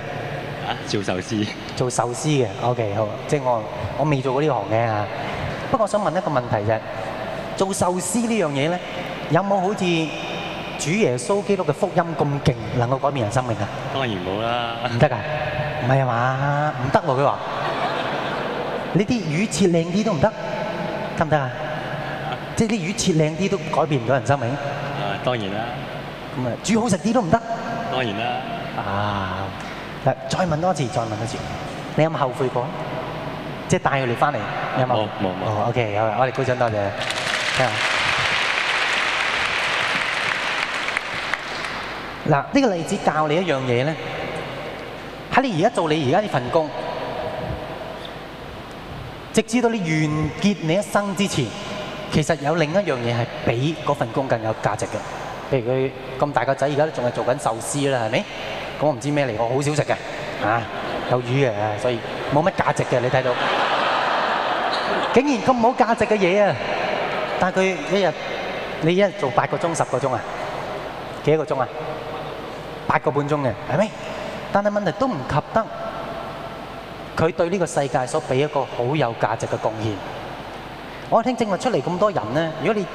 啊，做壽司做壽司嘅，OK 好，即係我我未做過呢行嘅嚇。不過我想問一個問題啫，就係做壽司呢樣嘢咧，有冇好似主耶穌基督嘅福音咁勁，能夠改變人生命啊？當然冇啦，唔得㗎，唔係啊嘛，唔得喎，佢話。呢啲魚切靚啲都唔得，得唔得啊？即係啲魚切靚啲都改變唔到人生命。當、啊、當然啦。煮好食啲都唔得。當然啦。啊，再問多次，再問多次。你有冇後悔過？啊、即係帶佢哋翻嚟，啊、有冇？冇、啊、冇。啊哦、o、okay, k 我哋鼓掌多謝。嗱 是吧，呢、 啊呢個例子教你一樣嘢呢：喺你而家做你而家呢份工。直至到你完結你一生之前，其實有另一樣嘢係比嗰份工更有價值嘅。譬如佢咁大個仔，而家都仲係做緊壽司啦，係咪？咁我唔知咩嚟，我好少食㗎，有魚嘅，所以冇乜價值嘅。你睇到，竟然咁冇價值嘅嘢啊！但係佢一日你一日做八個鐘、十個鐘啊？幾個鐘啊？八個半鐘嘅，係咪？但係問題都唔及得。佢對呢個世界所俾一個好有價值嘅貢獻。我聽正話出嚟咁多人咧，如果你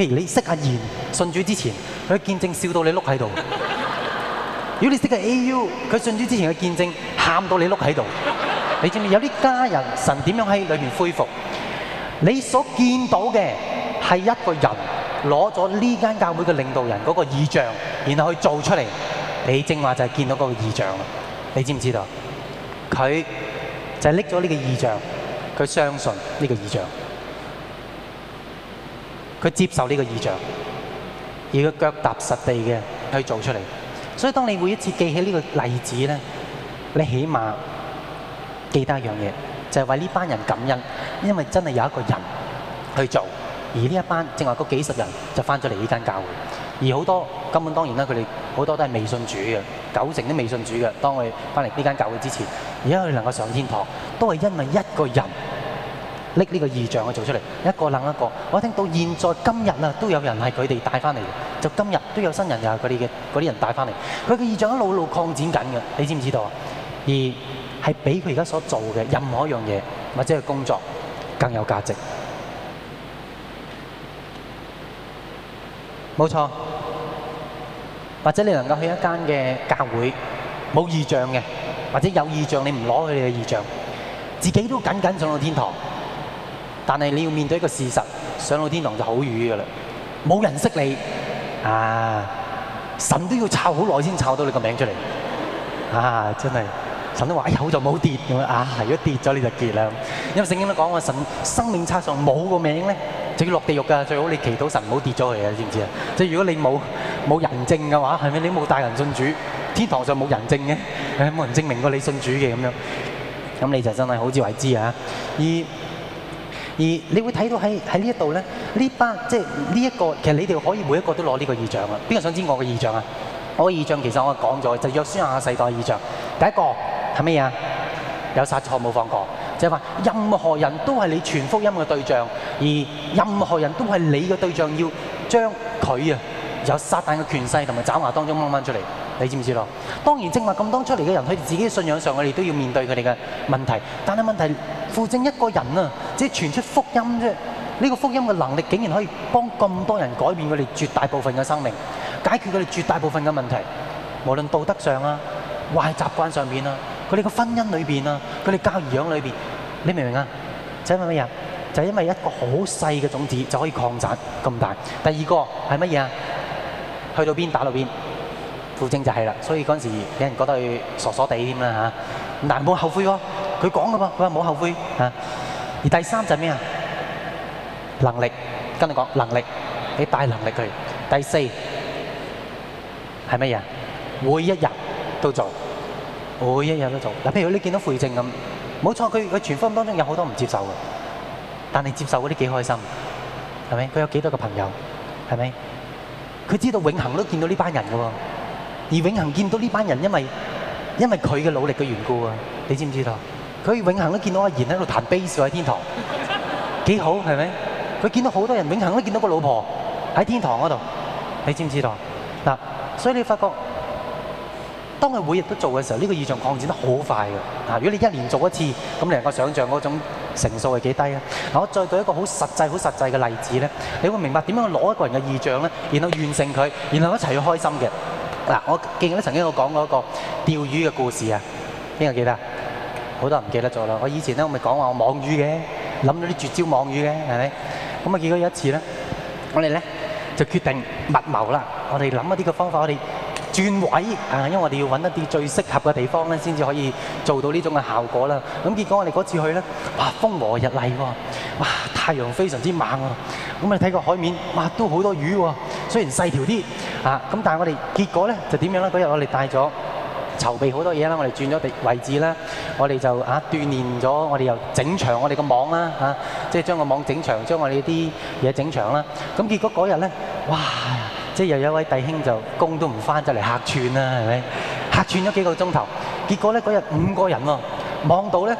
譬如你識阿賢信主之前，佢見證笑到你碌喺度； 如果你識嘅 AU，佢信主之前嘅見證喊到你碌喺度。你知唔知有啲家人神點樣喺裏面恢復？你所見到嘅係一個人攞咗呢間教會嘅領導人嗰個異象，然後去做出嚟，你正話就係見到嗰個異象。你知唔知道？佢就係拎咗呢個意象，佢相信呢個意象，佢接受呢個意象，而佢腳踏實地嘅去做出嚟。所以，當你每一次記起呢個例子咧，你起碼記得一樣嘢，就係為呢班人感恩，因為真係有一個人去做，而呢一班正話嗰幾十人就翻咗嚟呢間教會，而好多根本當然啦，佢哋好多都係未信主嘅，九成都未信主嘅，當佢翻嚟呢間教會之前。而家佢能夠上天堂，都係因為一個人拎呢個異象去做出嚟，一個冷一個。我聽到現在今日啦，都有人係佢哋帶翻嚟嘅，就今日都有新人又係佢哋嘅嗰啲人帶翻嚟。佢嘅異象一路路擴展緊嘅，你知唔知道啊？而係比佢而家所做嘅任何一樣嘢或者係工作更有價值。冇錯，或者你能夠去一間嘅教會冇異象嘅。或者有異象，你唔攞佢哋嘅異象，自己都緊緊上到天堂。但係你要面對一個事實，上到天堂就好瘀㗎喇，冇人識你啊！神都要抄好耐先抄到你個名出嚟啊！真係神都話，一有就冇跌咁啊！如果跌咗你就結啦。因為聖經都講話，神生命冊上冇個名咧，就要落地獄㗎。最好你祈禱神唔好跌咗佢啊！知唔知啊？即係如果你冇冇人證嘅話，係咪你冇帶人信主？天堂上冇人證嘅。誒冇人證明過你信主嘅咁樣，咁你就真係好自為之啊！而而你會睇到喺喺呢一度咧，呢班即係呢一個，其實你哋可以每一個都攞呢個異象啊！邊個想知道我嘅異象啊？我嘅異象其實我講咗就約書亞世代異象，第一個係乜嘢啊？有殺錯冇放過，就係話任何人都係你全福音嘅對象，而任何人都係你嘅對象，要將佢啊由撒但嘅權勢同埋爪牙當中掹返出嚟。你知唔知咯？當然正話咁多出嚟嘅人，佢哋自己信仰上，我哋都要面對佢哋嘅問題。但係問題，附正一個人啊，只係傳出福音啫。呢個福音嘅能力，竟然可以幫咁多人改變佢哋絕大部分嘅生命，解決佢哋絕大部分嘅問題，無論道德上啊、壞習慣上邊啊、佢哋嘅婚姻裏邊啊、佢哋教養裏邊你明唔明啊？就因為乜嘢？就因為一個好細嘅種子就可以擴展咁大。第二個係乜嘢啊？去到邊打到邊？副證就係啦，所以嗰陣時有人覺得佢傻傻地添啦嚇，唔難冇後悔喎。佢講噶噃，佢話冇後悔嚇。而第三就係咩啊？能力，跟你講能力，你帶能力佢。第四係乜嘢啊？每一日都做，每一日都做。嗱，譬如你見到副證咁，冇錯，佢佢全方位當中有好多唔接受嘅，但係接受嗰啲幾開心，係咪？佢有幾多個朋友，係咪？佢知道永恆都見到呢班人㗎喎。而永恆見到呢班人因，因為因為佢嘅努力嘅緣故啊！你知唔知道？佢永恆都見到阿賢喺度彈 bass 喺天堂，幾好係咪？佢見到好多人，永恆都見到個老婆喺天堂嗰度，你知唔知道？嗱，所以你發覺，當佢每日都做嘅時候，呢個意象擴展得好快㗎。啊，如果你一年做一次，咁你係個想象嗰種成數係幾低啊？嗱，我再舉一個好實際、好實際嘅例子咧，你會明白點樣攞一個人嘅意象咧，然後完成佢，然後一齊去開心嘅。嗱，我記得曾經我講過一個釣魚嘅故事啊，邊個記得？好多人唔記得咗啦。我以前咧，我咪講話我網魚嘅，諗咗啲絕招網魚嘅，係咪？咁啊，結果有一次呢，我哋呢就決定密謀啦，我哋諗一啲方法，我哋。轉位啊！因為我哋要搵一啲最適合嘅地方咧，先至可以做到呢種嘅效果啦。咁結果我哋嗰次去咧，哇！風和日麗喎，哇！太陽非常之猛喎。咁你睇個海面，哇！都好多魚喎。雖然細條啲啊，咁但係我哋結果咧就點樣咧？嗰日我哋帶咗籌備好多嘢啦，我哋轉咗地位置啦，我哋就啊鍛鍊咗，我哋又整長我哋個網啦啊，即係將個網整長，將我哋啲嘢整長啦。咁結果嗰日咧，哇！即係又有一位弟兄就工都唔翻，就嚟客串啦，係咪？客串咗幾個鐘頭，結果咧嗰日五個人喎，望到咧，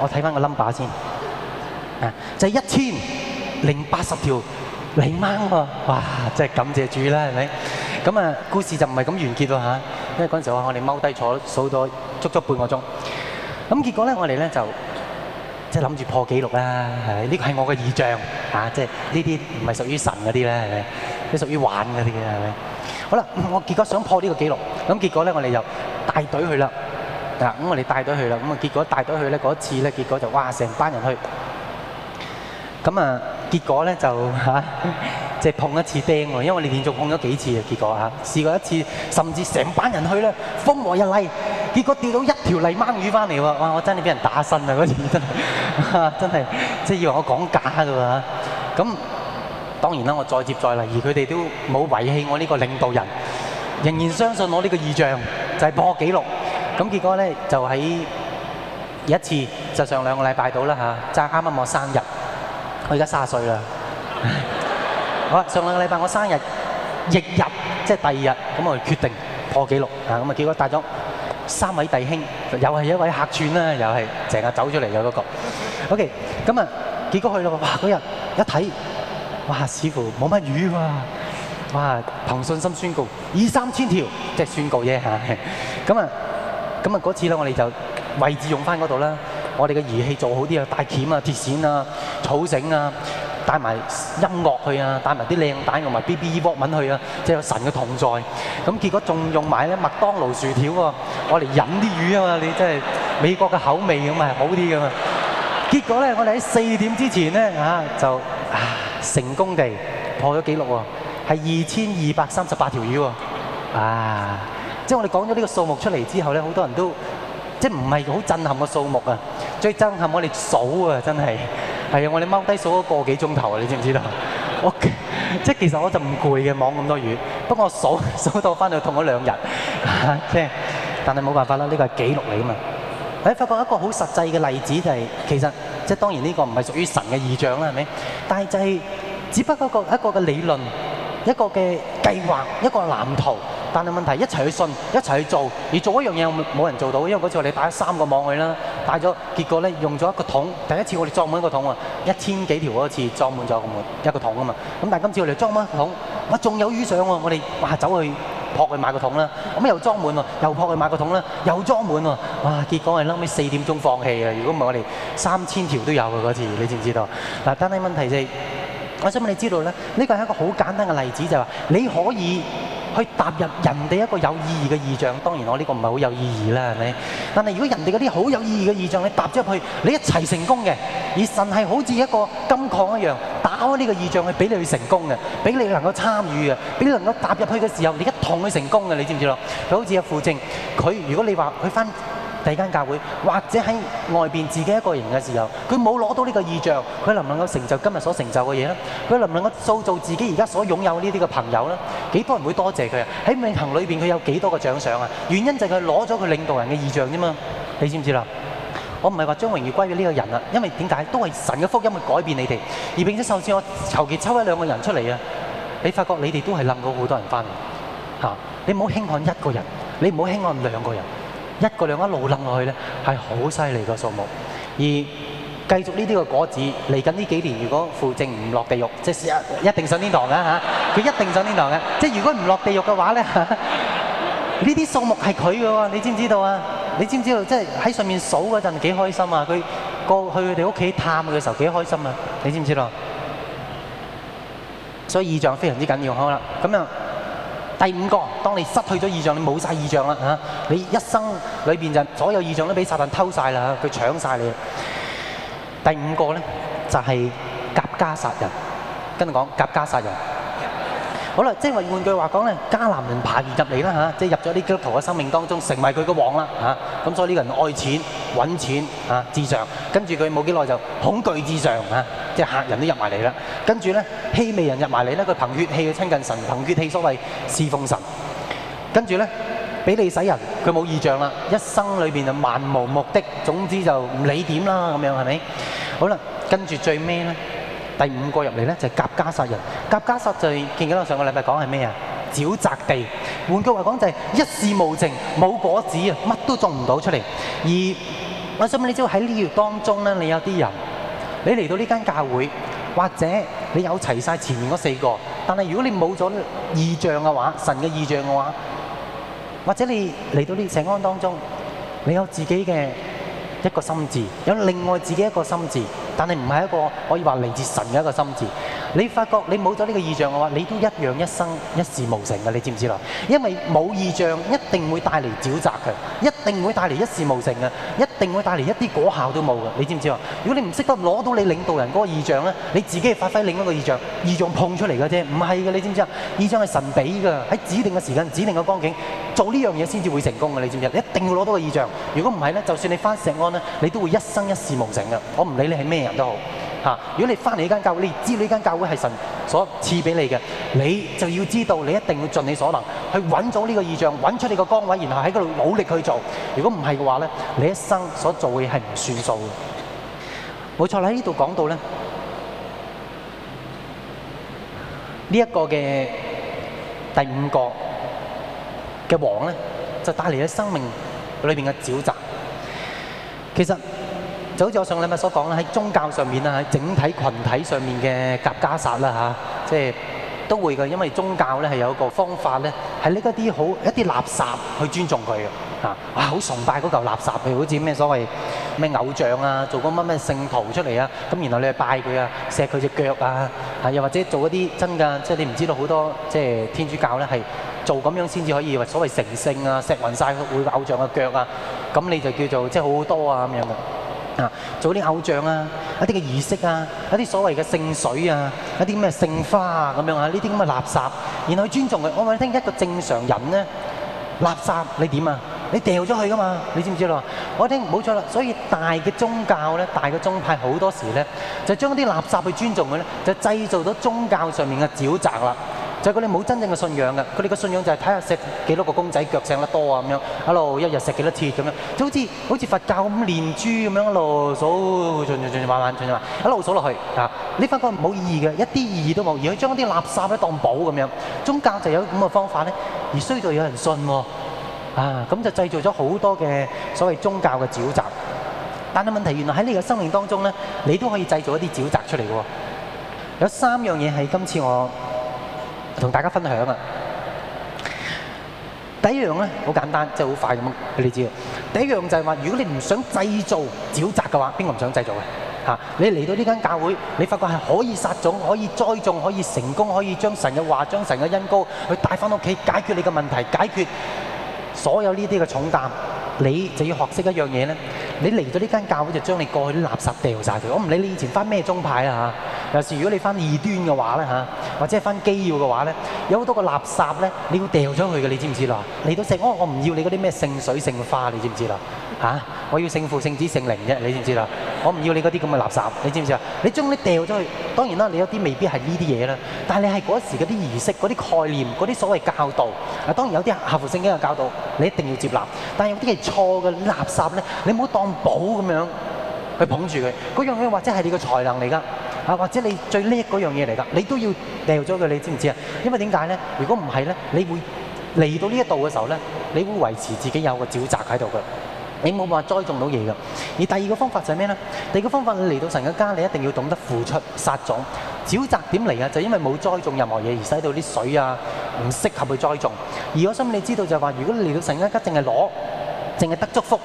我睇翻個 number 先，啊，就係一千零八十條你掹喎，哇！真係感謝主啦，係咪？咁啊，故事就唔係咁完結啦嚇，因為嗰陣時我我哋踎低坐數咗足足半個鐘，咁結果咧我哋咧就即係諗住破紀錄啦，係咪？呢個係我嘅意象啊，即係呢啲唔係屬於神嗰啲咧，係咪？你屬於玩嗰啲嘅係咪？好啦，我結果想破呢個記錄，咁結果咧，我哋又帶隊去啦。嗱，咁我哋帶隊去啦，咁啊結果帶隊去咧，嗰一次咧，結果就哇成班人去，咁啊結果咧就吓，即、啊、係、就是、碰一次釘喎，因為我哋連續碰咗幾次啊。結果嚇、啊、試過一次，甚至成班人去咧，風和日麗，結果釣到一條泥鯭魚翻嚟喎。哇！我真係俾人打了身真啊嗰次，真係真係即係以為我講假嘅喎。咁、啊。當然啦，我再接再厲，而佢哋都冇遺棄我呢個領導人，仍然相信我呢個意象就係破紀錄。咁結果咧就喺一次，就上兩個禮拜到啦嚇，即係啱啱我生日，我而家卅歲啦。好啦，上兩個禮拜我生日，翌日即係第二日，咁我決定破紀錄。啊，咁啊結果帶咗三位弟兄，又係一位客串啦，又係成日走出嚟嘅嗰個。O.K. 咁啊，結果去啦喎，哇！嗰日一睇。哇！似乎冇乜魚喎，哇！憑信心宣告二三千條，即係宣告啫嚇。咁啊，咁啊嗰次啦，我哋就位置用翻嗰度啦。我哋嘅儀器做好啲啊，帶鉗啊、鐵線啊、草繩啊，帶埋音樂去啊，帶埋啲靚蛋同埋 BBE 波文去啊，即係有神嘅同在。咁結果仲用埋咧麥當勞薯條喎，我嚟飲啲魚啊嘛，你真係美國嘅口味咁係好啲噶嘛。結果咧，我哋喺四點之前咧嚇就成功地破咗紀錄喎，係二千二百三十八條魚喎，啊！即係我哋講咗呢個數目出嚟之後咧，好多人都即係唔係好震撼嘅數目啊！最震撼我哋數啊，真係係啊！我哋踎低數咗個幾鐘頭啊，你知唔知道？ 我即係其實我就唔攰嘅，望咁多魚，不過數數到我翻去痛咗兩日，啊，即係，但係冇辦法啦，呢個係紀錄嚟㗎嘛。我哋發覺一個好實際嘅例子就係、是，其實即係當然呢個唔係屬於神嘅異象啦，係咪？但係就係、是、只不過一個嘅理論、一個嘅計劃、一個藍圖。但係問題是一齊去信、一齊去做。而做一樣嘢，冇人做到，因為嗰次我哋帶咗三個網去啦，帶咗，結果咧用咗一個桶。第一次我哋裝滿一個桶啊，一千幾條嗰次裝滿咗個,一個滿一個桶啊嘛。咁但係今次我哋裝滿個桶，我仲有魚上喎，我哋話走去。撲去買個桶啦，咁又裝滿喎，又撲去買個桶啦，又裝滿喎，哇！結果係嬲尾四點鐘放棄啦。如果唔係我哋三千條都有嘅嗰次，你知唔知道？嗱，但係問題係，我想問你知道呢，呢個係一個好簡單嘅例子，就係話你可以。去踏入人哋一個有意義嘅異象，當然我呢個唔係好有意義啦，係咪？但係如果人哋嗰啲好有意義嘅異象，你踏入去，你一齊成功嘅。而神係好似一個金礦一樣，打開呢個異象去俾你去成功嘅，俾你能夠參與嘅，俾你能夠踏入去嘅時候，你一同去成功嘅，你知唔知咯？就好似阿傅正，佢如果你話佢翻。第二間教會，或者喺外邊自己一個人嘅時候，佢冇攞到呢個意象，佢能唔能夠成就今日所成就嘅嘢咧？佢能唔能夠塑造自己而家所擁有呢啲嘅朋友咧？幾多人會多謝佢啊？喺永恆裏邊佢有幾多個獎賞啊？原因就係佢攞咗佢領導人嘅意象啫嘛。你知唔知啦？我唔係話將榮譽歸於呢個人啦，因為點解？都係神嘅福音去改變你哋，而並且，甚至我求其抽一兩個人出嚟啊！你發覺你哋都係冧過好多人翻嚟嚇，你唔好輕看一個人，你唔好輕看兩個人。一個兩個一路掄落去咧，係好犀利個數目。而繼續呢啲個果子嚟緊呢幾年，如果扶正唔落地獄，即係一一定上天堂㗎吓，佢一定上天堂嘅。即係如果唔落地獄嘅話咧，呢啲數目係佢嘅喎，你知唔知道啊？你知唔知道？即係喺上面數嗰陣幾開心啊！佢過去佢哋屋企探佢嘅時候幾開心啊！你知唔知道？所以意象非常之緊要，好啦，咁啊。第五個，當你失去咗異象，你冇曬異象了，啊、你一生裏面就所有異象都俾殺人偷曬啦嚇，佢搶曬你。第五個呢，就係、是，夾家殺人，跟住講夾家殺人。好啦，即係話換句話講咧，迦南人爬入嚟啦嚇，即係入咗啲基督徒嘅生命當中，成為佢嘅王啦嚇。咁所以呢個人愛錢、搵錢嚇、至上，跟住佢冇幾耐就恐懼至上嚇，即係客人都入埋嚟啦。跟住咧，希味人入埋嚟咧，佢憑血氣去親近神，憑血氣所謂侍奉神。跟住咧，比利洗人佢冇異象啦，一生裏面就漫無目的，總之就唔理點啦咁樣係咪？好啦，跟住最尾咧。第五個入嚟咧就係、是、夾家殺人，夾家殺罪，見唔見到我上個禮拜講係咩啊？沼澤地，換句話講就係、是、一事無情，冇果子啊，乜都種唔到出嚟。而我想問你知道喺呢條當中咧，你有啲人，你嚟到呢間教會，或者你有齊晒前面嗰四個，但係如果你冇咗異象嘅話，神嘅異象嘅話，或者你嚟到呢聖安當中，你有自己嘅一個心智，有另外自己一個心智。但係唔係一個可以話嚟自神嘅一個心智，你發覺你冇咗呢個意象嘅話，你都一樣一生一事無成嘅，你知唔知啦？因為沒冇意象，一定會帶嚟沼澤一定會帶嚟一事無成嘅，一定會帶嚟一啲果效都冇嘅，你知唔知啊？如果你唔識得攞到你領導人嗰個異象呢，你自己去發揮另一個異象，異象碰出嚟嘅啫，唔係嘅，你知唔知啊？異象係神俾嘅，喺指定嘅時間、指定嘅光景做呢樣嘢先至會成功嘅，你知唔知道？你一定要攞到個異象，如果唔係呢，就算你翻石安呢，你都會一生一事無成嘅，我唔理你係咩人都好。嚇！如果你翻嚟呢間教會，你知呢間教會係神所賜俾你嘅，你就要知道，你一定要盡你所能去揾到呢個異象，揾出你個崗位，然後喺嗰度努力去做。如果唔係嘅話咧，你一生所做嘅嘢係唔算數嘅。冇錯啦，喺呢度講到咧，呢、這、一個嘅第五個嘅王咧，就帶嚟咗生命裏邊嘅沼澤。其實。就好似我上禮物所講啦，喺宗教上面啊，喺整體群體上面嘅夾加殺啦嚇，即、啊、係、就是、都會嘅，因為宗教咧係有一個方法咧，係拎一啲好一啲垃圾去尊重佢啊，啊好崇拜嗰嚿垃圾，譬如好似咩所謂咩偶像啊，做嗰乜乜聖徒出嚟啊，咁然後你去拜佢啊，錫佢隻腳啊，啊又或者做一啲真㗎，即、就、係、是、你唔知道好多，即、就、係、是、天主教咧係做咁樣先至可以話所謂成聖啊，錫勻晒個偶像嘅腳啊，咁你就叫做即係、就是、好好多啊咁樣嘅。啊！做啲偶像啊，一啲嘅儀式啊，一啲所謂嘅聖水啊，一啲咩聖花啊咁樣啊，呢啲咁嘅垃圾，然後去尊重佢。我話你聽，一個正常人咧，垃圾你點啊？你掉咗去噶嘛？你知唔知咯？我話你聽，冇錯啦。所以大嘅宗教咧，大嘅宗派好多時咧，就將啲垃圾去尊重佢咧，就製造咗宗教上面嘅沼澤啦。就係佢哋冇真正嘅信仰嘅，佢哋嘅信仰就係睇下食幾多個公仔腳剩得多啊，咁樣一路一日食幾多次咁樣，就好似好似佛教咁練珠咁樣一路數，循循循循慢慢循循慢，一路數落去啊，呢份確係冇意義嘅，一啲意義都冇，而佢將啲垃圾咧當寶咁樣，宗教就有咁嘅方法咧，而衰要有人信喎、哦，啊咁就製造咗好多嘅所謂宗教嘅沼澤，但係問題原來喺你嘅生命當中咧，你都可以製造一啲沼澤出嚟嘅，有三樣嘢係今次我。同大家分享啊！第一樣咧好簡單，即係好快咁，你知。第一樣就係話，如果你唔想製造沼澤嘅話，邊個唔想製造嘅？吓、啊？你嚟到呢間教會，你發覺係可以撒種，可以栽種、可以成功，可以將神嘅話、將神嘅恩膏去帶翻屋企，解決你嘅問題解決。所有呢啲嘅重擔，你就要學識一樣嘢呢。你嚟咗呢間教會就將你過去啲垃圾掉曬佢。我唔理你以前翻咩宗派啦嚇。有時如果你翻異端嘅話呢嚇，或者係翻基要嘅話呢，有好多個垃圾呢，你要掉出去嘅，你知唔知啦？嚟到聖安，我唔要你嗰啲咩聖水、聖花，你知唔知啦？嚇、啊！我要聖父、聖子、聖靈啫，你知唔知啊？我唔要你嗰啲咁嘅垃圾，你知唔知啊？你將啲掉咗去，當然啦，你有啲未必係呢啲嘢啦。但係你係嗰時嗰啲儀式、嗰啲概念、嗰啲所謂教導，啊，當然有啲係合乎聖經嘅教導，你一定要接納。但係有啲係錯嘅垃圾咧，你唔好當寶咁樣去捧住佢。嗰、嗯、樣嘢或者係你嘅才能嚟㗎，啊，或者你最叻嗰樣嘢嚟㗎，你都要掉咗佢，你知唔知啊？因為點解咧？如果唔係咧，你會嚟到呢一度嘅時候咧，你會維持自己有個沼澤喺度㗎。你冇辦法栽種到嘢㗎。而第二個方法就係咩呢？第二個方法你嚟到神嘅家，你一定要懂得付出、撒種。沼澤點嚟啊？就因為冇栽種任何嘢，而使到啲水啊唔適合去栽種。而我心裏你知道就係、是、話，如果你嚟到神嘅家，淨係攞，淨係得祝福，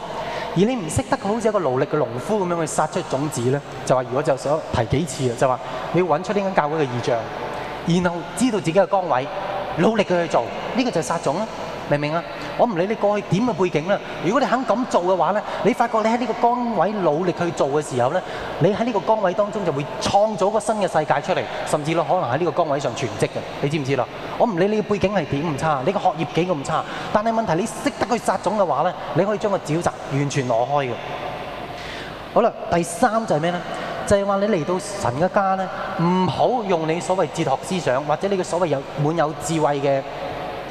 而你唔識得好似一個勞力嘅農夫咁樣去撒出種子呢，就話如果就想提幾次啊，就話你要揾出呢間教會嘅異象，然後知道自己嘅崗位，努力嘅去做，呢、呢個就係撒種。明唔明啊？我唔理你過去點嘅背景啦。如果你肯咁做嘅話呢，你發覺你喺呢個崗位努力去做嘅時候呢，你喺呢個崗位當中就會創造一個新嘅世界出嚟，甚至咯可能喺呢個崗位上全職嘅。你知唔知啦？我唔理你嘅背景係點唔差，你嘅學業幾咁差，但係問題你識得去殺種嘅話呢，你可以將個沼澤完全攞開嘅。好啦，第三就係咩呢？就係話你嚟到神嘅家呢，唔好用你所謂哲學思想或者你嘅所謂有滿有智慧嘅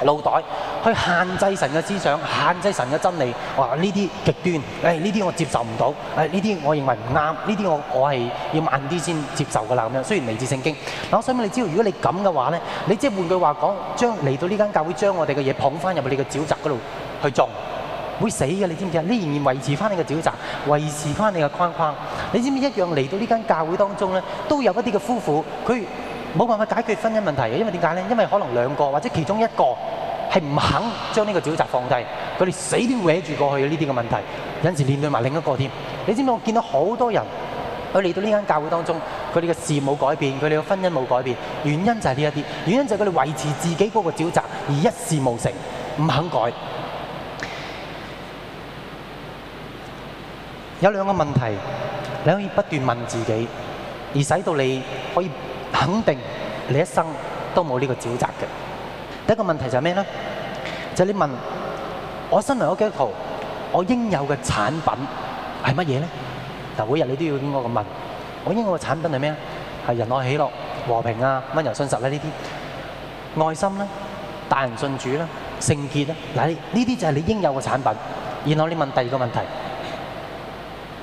腦袋。去限制神嘅思想，限制神嘅真理，話呢啲極端，誒呢啲我接受唔到，誒呢啲我認為唔啱，呢啲我我係要慢啲先接受噶啦咁樣。雖然嚟自聖經，嗱我想問你，知道，如果你咁嘅話咧，你即係換句話講，將嚟到呢間教會將我哋嘅嘢捧翻入去你嘅沼澤嗰度去種，會死嘅你知唔知啊？你仍然維持翻你嘅沼澤，維持翻你嘅框框，你知唔知一樣嚟到呢間教會當中咧，都有一啲嘅夫婦佢冇辦法解決婚姻問題嘅，因為點解咧？因為可能兩個或者其中一個。係唔肯將呢個沼澤放低，佢哋死都搲住過去呢啲嘅問題，有時連對埋另一個添。你知唔知我見到好多人佢嚟到呢間教會當中，佢哋嘅事冇改變，佢哋嘅婚姻冇改變，原因就係呢一啲，原因就係佢哋維持自己嗰個沼澤而一事無成，唔肯改。有兩個問題，你可以不斷問自己，而使到你可以肯定你一生都冇呢個沼澤嘅。第一個問題就係咩咧？就係你問我身為基督徒，我應有嘅產品係乜嘢咧？嗱，每日你都要應該咁問，我應有嘅產品係咩啊？係人愛喜樂、和平啊、溫柔、信實啦、啊，呢啲愛心咧、啊、大人信主咧、啊、聖潔咧，嗱，呢啲就係你應有嘅產品。然後你問第二個問題，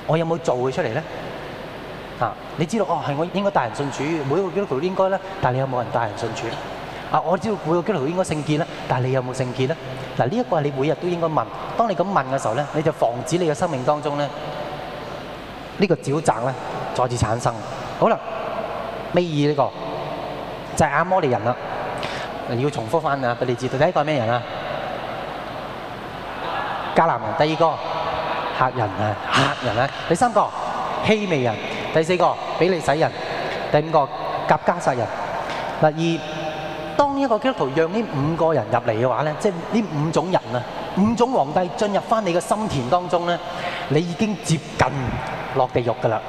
我有冇做佢出嚟咧？啊，你知道哦，係我應該大人信主，每一個基督徒應該咧，但係你有冇人大人信主？啊！我知道每個機率應該聖潔咧，但係你有冇聖潔咧？嗱，呢一個係你每日都應該問。當你咁問嘅時候咧，你就防止你嘅生命當中咧呢個沼澤咧再次產生。好啦，尾二呢個就係亞摩利人啦。要重複翻啊！俾你知，第一個係咩人啊？迦南人。第二個赫人啊，赫人啦。第三個希未人。第四個比利洗人。第五個革迦撒人。嗱二。當一個基督徒讓呢五個人入嚟嘅話呢，即係呢五種人啊，五種皇帝進入翻你嘅心田當中呢，你已經接近落地獄㗎啦。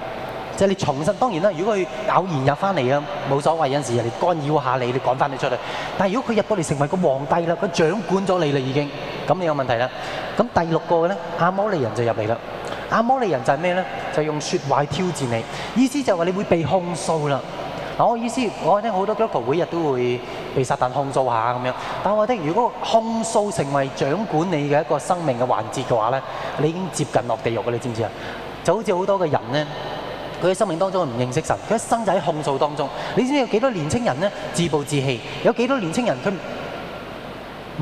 即係你重生當然啦，如果佢偶然入翻嚟啊，冇所謂。有陣時人哋干擾下你，你趕翻你出嚟。但係如果佢入到嚟成為個皇帝啦，佢掌管咗你啦，已經咁你有問題啦。咁第六個呢，阿摩利人就入嚟啦。阿摩利人就係咩呢？就用説話挑戰你，意思就係話你會被控訴啦。嗱，我意思，我聽好多基督徒每日都會。被撒旦控訴下咁樣，但係我覺得如果控訴成為掌管你嘅一個生命嘅環節嘅話咧，你已經接近落地獄嘅，你知唔知啊？就好似好多嘅人咧，佢喺生命當中唔認識神，佢一生就喺控訴當中。你知唔知道有幾多年青人咧，自暴自棄？有幾多年青人佢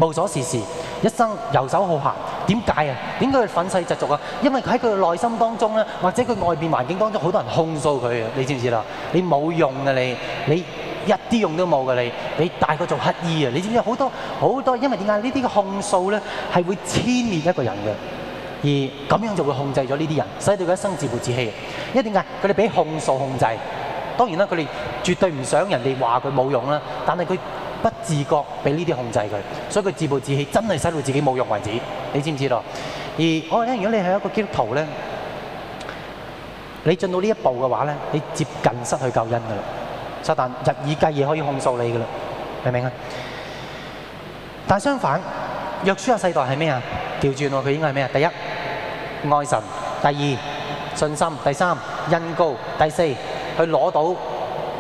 無所事事，一生游手好閒？點解啊？點解佢憤世嫉俗啊？因為喺佢嘅內心當中咧，或者佢外面環境當中好多人控訴佢啊！你知唔知啦？你冇用啊，你你。一啲用都冇㗎你，你大個做乞衣啊？你知唔知好多好多？因為點解呢啲控訴咧，係會殲滅一個人嘅，而咁樣就會控制咗呢啲人，使到佢一生自暴自棄。因為點解佢哋俾控訴控制？當然啦，佢哋絕對唔想人哋話佢冇用啦，但係佢不自覺俾呢啲控制佢，所以佢自暴自棄，真係使到自己冇用為止。你知唔知道？而我哋咧，如果你係一個基督徒咧，你進到呢一步嘅話咧，你接近失去救恩㗎啦。撒旦日以繼夜可以控訴你嘅啦，明唔明啊？但相反，約書亞世代係咩啊？調轉喎，佢應該係咩啊？第一，愛神；第二，信心；第三，恩膏；第四，佢攞到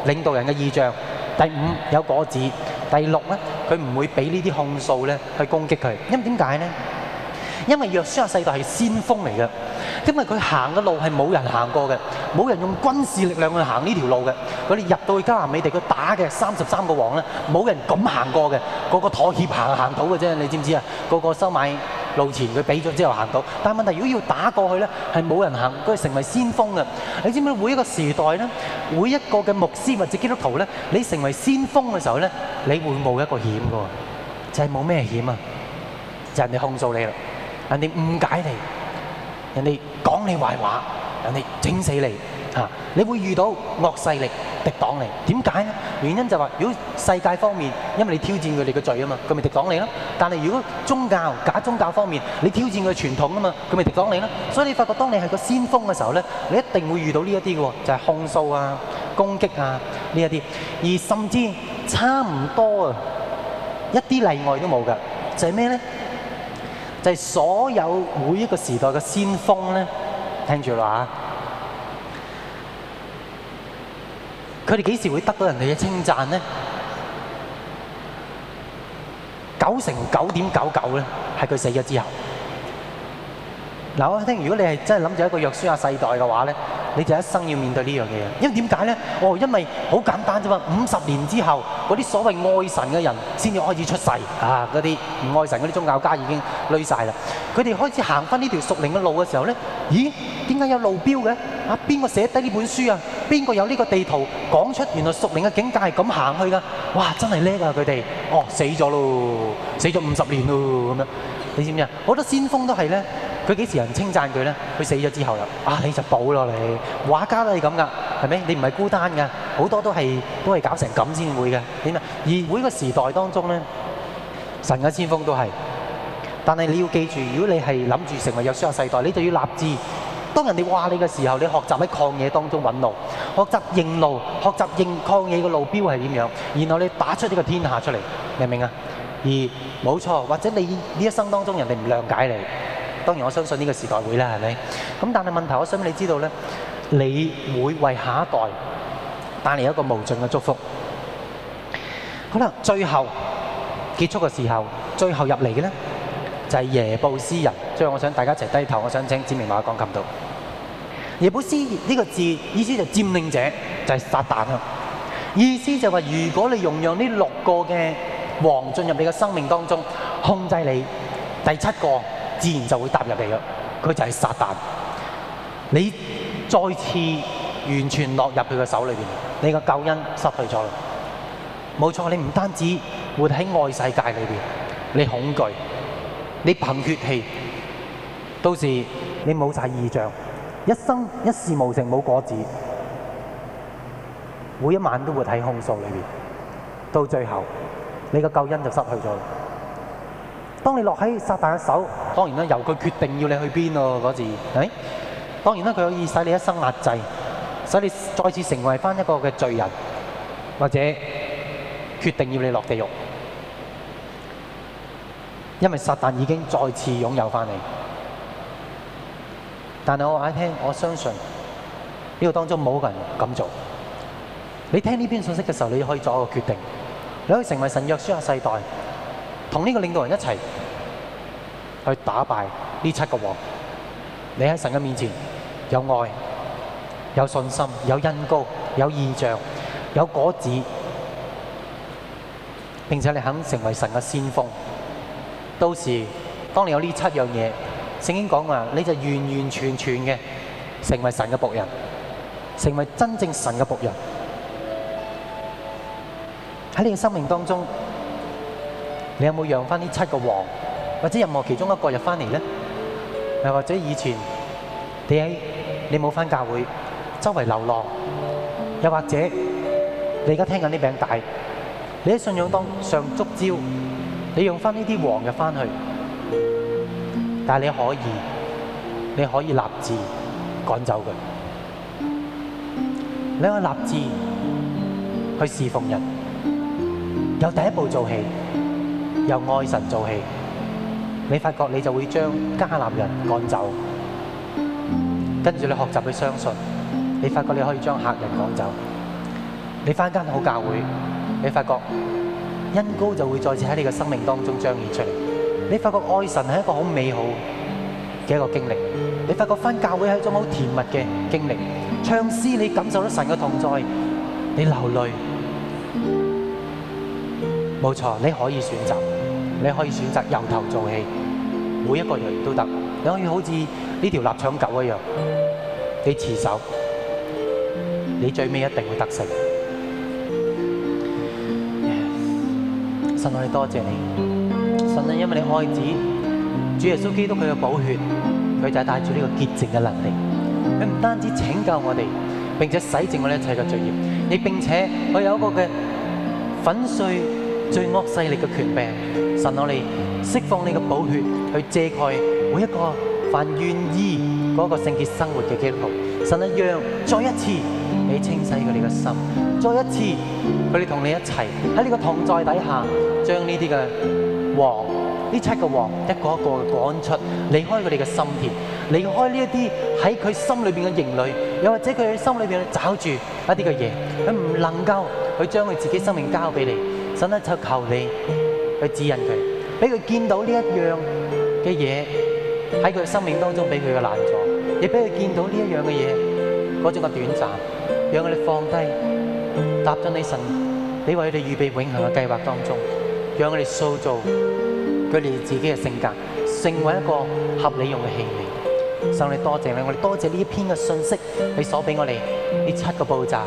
領導人嘅異象；第五，有果子；第六咧，佢唔會俾呢啲控訴咧去攻擊佢，因點解咧？因為約書亞世代係先鋒嚟嘅，因為佢行嘅路係冇人行過嘅，冇人用軍事力量去行呢條路嘅。佢哋入到去加拿美地，佢打嘅三十三個王咧，冇人敢行過嘅，個個妥協行行到嘅啫。你知唔知啊？個個收買路錢，佢俾咗之後行到。但係問題如果要打過去咧，係冇人行，佢係成為先鋒嘅。你知唔知每一個時代咧，每一個嘅牧師或者基督徒咧，你成為先鋒嘅時候咧，你會冒一個險嘅，就係冇咩險啊！人哋控訴你啦。人哋誤解你，人哋講你壞話，人哋整死你嚇，你會遇到惡勢力敵擋你。點解呢？原因就話，如果世界方面，因為你挑戰佢哋嘅罪啊嘛，佢咪敵擋你咯。但係如果宗教假宗教方面，你挑戰佢傳統啊嘛，佢咪敵擋你咯。所以你發覺，當你係個先鋒嘅時候呢，你一定會遇到呢一啲嘅，就係控訴啊、攻擊啊呢一啲，而甚至差唔多啊，一啲例外都冇㗎，就係咩呢？就係、是、所有每一個時代嘅先鋒呢，聽住喇。佢哋幾時會得到人哋嘅稱讚？九成九點九九呢係佢死咗之後。嗱，我聽，如果你係真係諗住一個約書亞世代嘅話咧，你就一生要面對呢樣嘢。因為點解咧？哦，因為好簡單啫嘛。五十年之後，嗰啲所謂愛神嘅人先至開始出世啊！嗰啲唔愛神嗰啲宗教家已經累晒啦。佢哋開始行翻呢條屬靈嘅路嘅時候咧，咦？點解有路標嘅？啊，邊個寫低呢本書啊？邊個有呢個地圖講出原來屬靈嘅境界係咁行去㗎？哇！真係叻啊！佢哋哦死咗咯，死咗五十年咯咁樣。你知唔知啊？好多先鋒都係咧。佢幾時有人稱讚佢呢？佢死咗之後又啊，你就補落嚟。畫家都係咁噶，係咪？你唔係孤單噶，好多都係都係搞成咁先會嘅點啊？而每個時代當中呢，神嘅先鋒都係。但係你要記住，如果你係諗住成為約書亞世代，你就要立志。當人哋話你嘅時候，你學習喺曠野當中揾路，學習認路，學習認曠野嘅路標係點樣，然後你打出呢個天下出嚟，明唔明啊？而冇錯，或者你呢一生當中，人哋唔諒解你。當然，我相信呢個時代會啦，係咪？咁但係問題，我想畀你知道咧，你會為下一代帶嚟一個無盡嘅祝福。好啦，最後結束嘅時候，最後入嚟嘅咧就係耶布斯人。所以我想大家一齊低頭，我想請子明我哋鋼琴度。耶布斯呢個字意思就佔領者，就係撒旦啦。意思就係話，如果你容讓呢六個嘅王進入你嘅生命當中，控制你第七個。自然就會踏入嚟咯，佢就係撒旦。你再次完全落入佢嘅手裏面，你嘅救恩失去咗啦。冇錯，你唔單止活喺外世界裏面，你恐懼，你憑血氣，到時你冇晒異象，一生一事無成，冇果子，每一晚都活喺控訴裏面，到最後，你嘅救恩就失去咗。當你落喺撒旦嘅手，當然啦，由佢決定要你去邊咯嗰時，係咪、哎？當然啦，佢可以使你一生壓制，使你再次成為翻一個嘅罪人，或者決定要你落地獄，因為撒旦已經再次擁有翻你。但係我話你聽，我相信呢個當中冇人咁做。你聽呢篇信息嘅時候，你可以作一個決定，你可以成為神約書亞嘅世代。同呢個領導人一齊去打敗呢七個王。你喺神嘅面前有愛、有信心、有恩膏、有異象、有果子，並且你肯成為神嘅先鋒。到時當你有呢七樣嘢，聖經講話，你就完完全全嘅成為神嘅僕人，成為真正神嘅僕人。喺你嘅生命當中。你有冇讓翻呢七個王，或者任何其中一個入翻嚟呢？又或者以前你喺你冇翻教會，周圍流浪，又或者你而家聽緊啲餅帶，你喺信仰當上足招，你用翻呢啲王入翻去，但係你可以，你可以立志趕走佢，你可以立志去侍奉人，由第一步做起。由愛神做戲，你發覺你就會將迦南人趕走。跟住你學習去相信，你發覺你可以將客人趕走。你翻間好教會，你發覺恩膏就會再次喺你嘅生命當中彰顯出嚟。你發覺愛神係一個好美好嘅一個經歷。你發覺翻教會係一種好甜蜜嘅經歷。唱詩，你感受到神嘅同在，你流淚。冇錯，你可以選擇。你可以選擇由頭做起，每一個人都得。你可以好似呢條臘腸狗一樣，你持守，你最尾一定會得勝。神，我哋多謝你，神啊！因為你愛子，主耶穌基督佢嘅寶血，佢就係帶住呢個潔淨嘅能力。佢唔單止拯救我哋，並且洗淨我哋一切嘅罪孽，亦並且佢有一個嘅粉碎。最惡勢力嘅權柄，神，我哋釋放你嘅寶血去遮蓋每一個凡願意嗰個聖潔生活嘅基督徒，神一讓再一次你清洗佢哋嘅心，再一次佢哋同你一齊喺呢個同在底下，將呢啲嘅王呢七個王一個一個趕出，離開佢哋嘅心田，離開呢一啲喺佢心裏邊嘅營壘，又或者佢喺心裏邊找住一啲嘅嘢，佢唔能夠去將佢自己生命交俾你。神咧就求你去指引佢，俾佢見到呢一樣嘅嘢喺佢生命當中俾佢嘅難助。亦俾佢見到呢一樣嘅嘢嗰種嘅短暫，讓佢哋放低，搭咗你神，你為佢哋預備永恆嘅計劃當中，讓佢哋塑造佢哋自己嘅性格，成為一個合理用嘅器皿。神，你多謝你，我哋多謝呢一篇嘅信息，你所俾我哋呢七個步驟，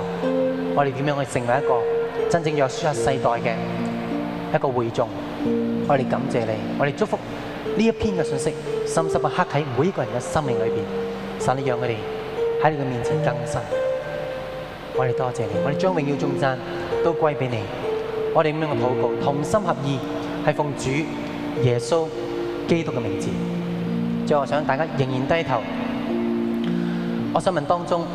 我哋點樣去成為一個？真正約書亞世代嘅一個會眾，我哋感謝你，我哋祝福呢一篇嘅信息深深嘅刻喺每一個人嘅生命裏邊。神，你讓佢哋喺你嘅面前更新。我哋多謝你，我哋將榮耀頌讚都歸俾你。我哋咁樣嘅禱告，同心合意，係奉主耶穌基督嘅名字。最後想大家仍然低頭，我想問當中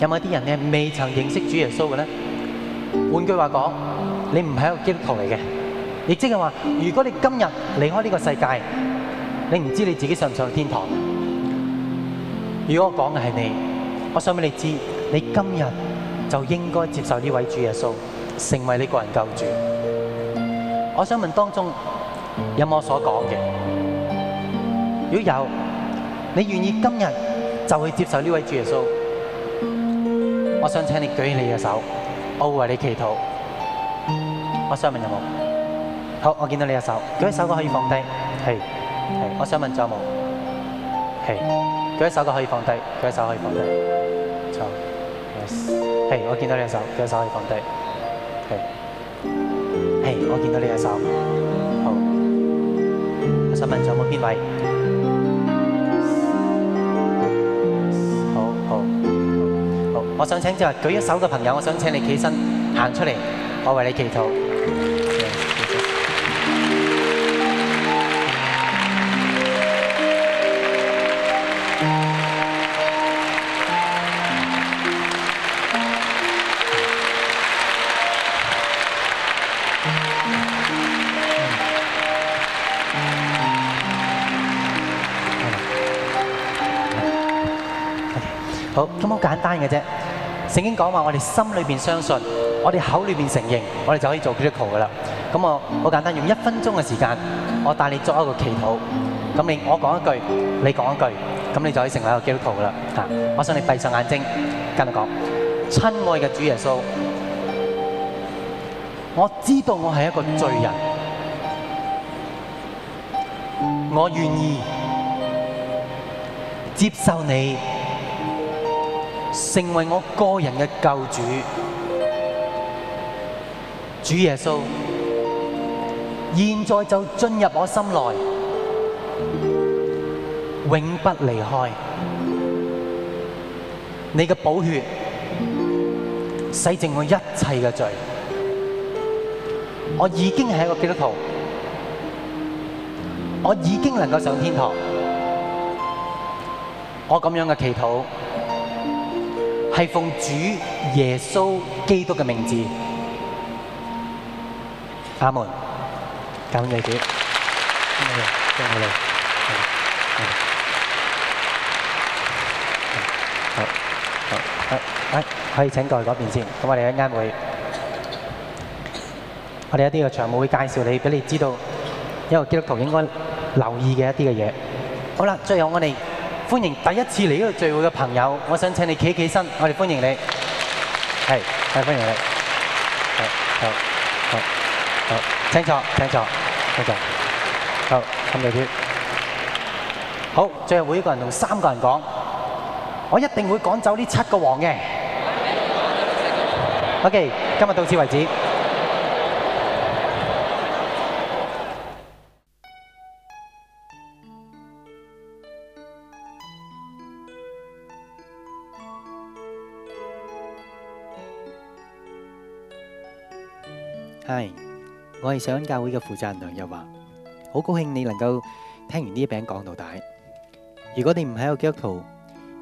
有冇一啲人呢未曾認識主耶穌嘅呢？換句話講，你唔係，一個基督徒嚟嘅。你即係話，如果你今日離開呢個世界，你唔知道你自己上唔上天堂。如果我講嘅係你，我想俾你知道，你今日就應該接受呢位主耶穌成為你個人救主。我想問當中有冇我所講嘅，如果有你願意今日就去接受呢位主耶穌。我想請你舉起你嘅手。我會為你祈禱。我想問有冇？好，我見到你隻手，舉起手可以放低？係，係。我想問仲有冇？係，舉起手可以放低？舉起手可以放低？錯，yes。係，我見到你隻手，舉起手可以放低？係，係，我見到你隻手。好，我想問仲有冇邊位？我想請就係舉一手嘅朋友，我想請你起身行出嚟，我為你祈禱。好，咁好簡單嘅啫。聖經講話，我哋心裏面相信，我哋口裏面承認，我哋就可以做基督徒㗎喇。咁我好簡單，用一分鐘嘅時間，我帶你作一個祈禱。咁你我講一句，你講一句，咁你就可以成為一個基督徒㗎喇。嚇！我想你閉上眼睛，跟我講，親愛嘅主耶穌，我知道我係一個罪人，我願意接受你。成為我個人嘅救主，主耶穌，現在就進入我心來，永不離開。你嘅寶血洗淨我一切嘅罪，我已經係一個基督徒，我已經能夠上天堂。我咁樣嘅祈禱。係奉主耶穌基督嘅名字，阿門。感恩主。好，好，好，好，好，好。可以請過嚟嗰邊先。咁我哋一陣會，我哋一啲嘅長務會介紹你，俾你知道，一個基督徒應該留意嘅一啲嘅嘢。好啦，最後我哋。歡迎第一次嚟呢個聚會嘅朋友，我想請你企起身，我地歡迎你，歡迎你，好，好，好，好，請坐請坐請坐。好最後會一個人同三個人講，我一定會趕走呢七個王嘅 OK，今日到此為止。我係聖恩教會嘅負責人梁日華，好高興你能夠聽完呢一餅講道帶。如果你唔喺個基督徒，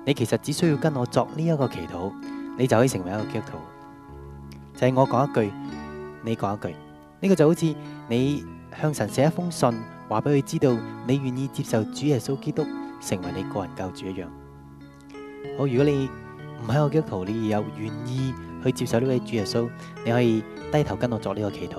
你其實只需要跟我作呢一個祈禱，你就可以成為一個基督徒。就係我講一句，你講一句，呢個就好似你向神寫一封信，話俾佢知道你願意接受主耶穌基督成為你個人救主一樣。好，如果你唔喺個基督徒，你有願意去接受呢位主耶穌，你可以低頭跟我作呢個祈禱。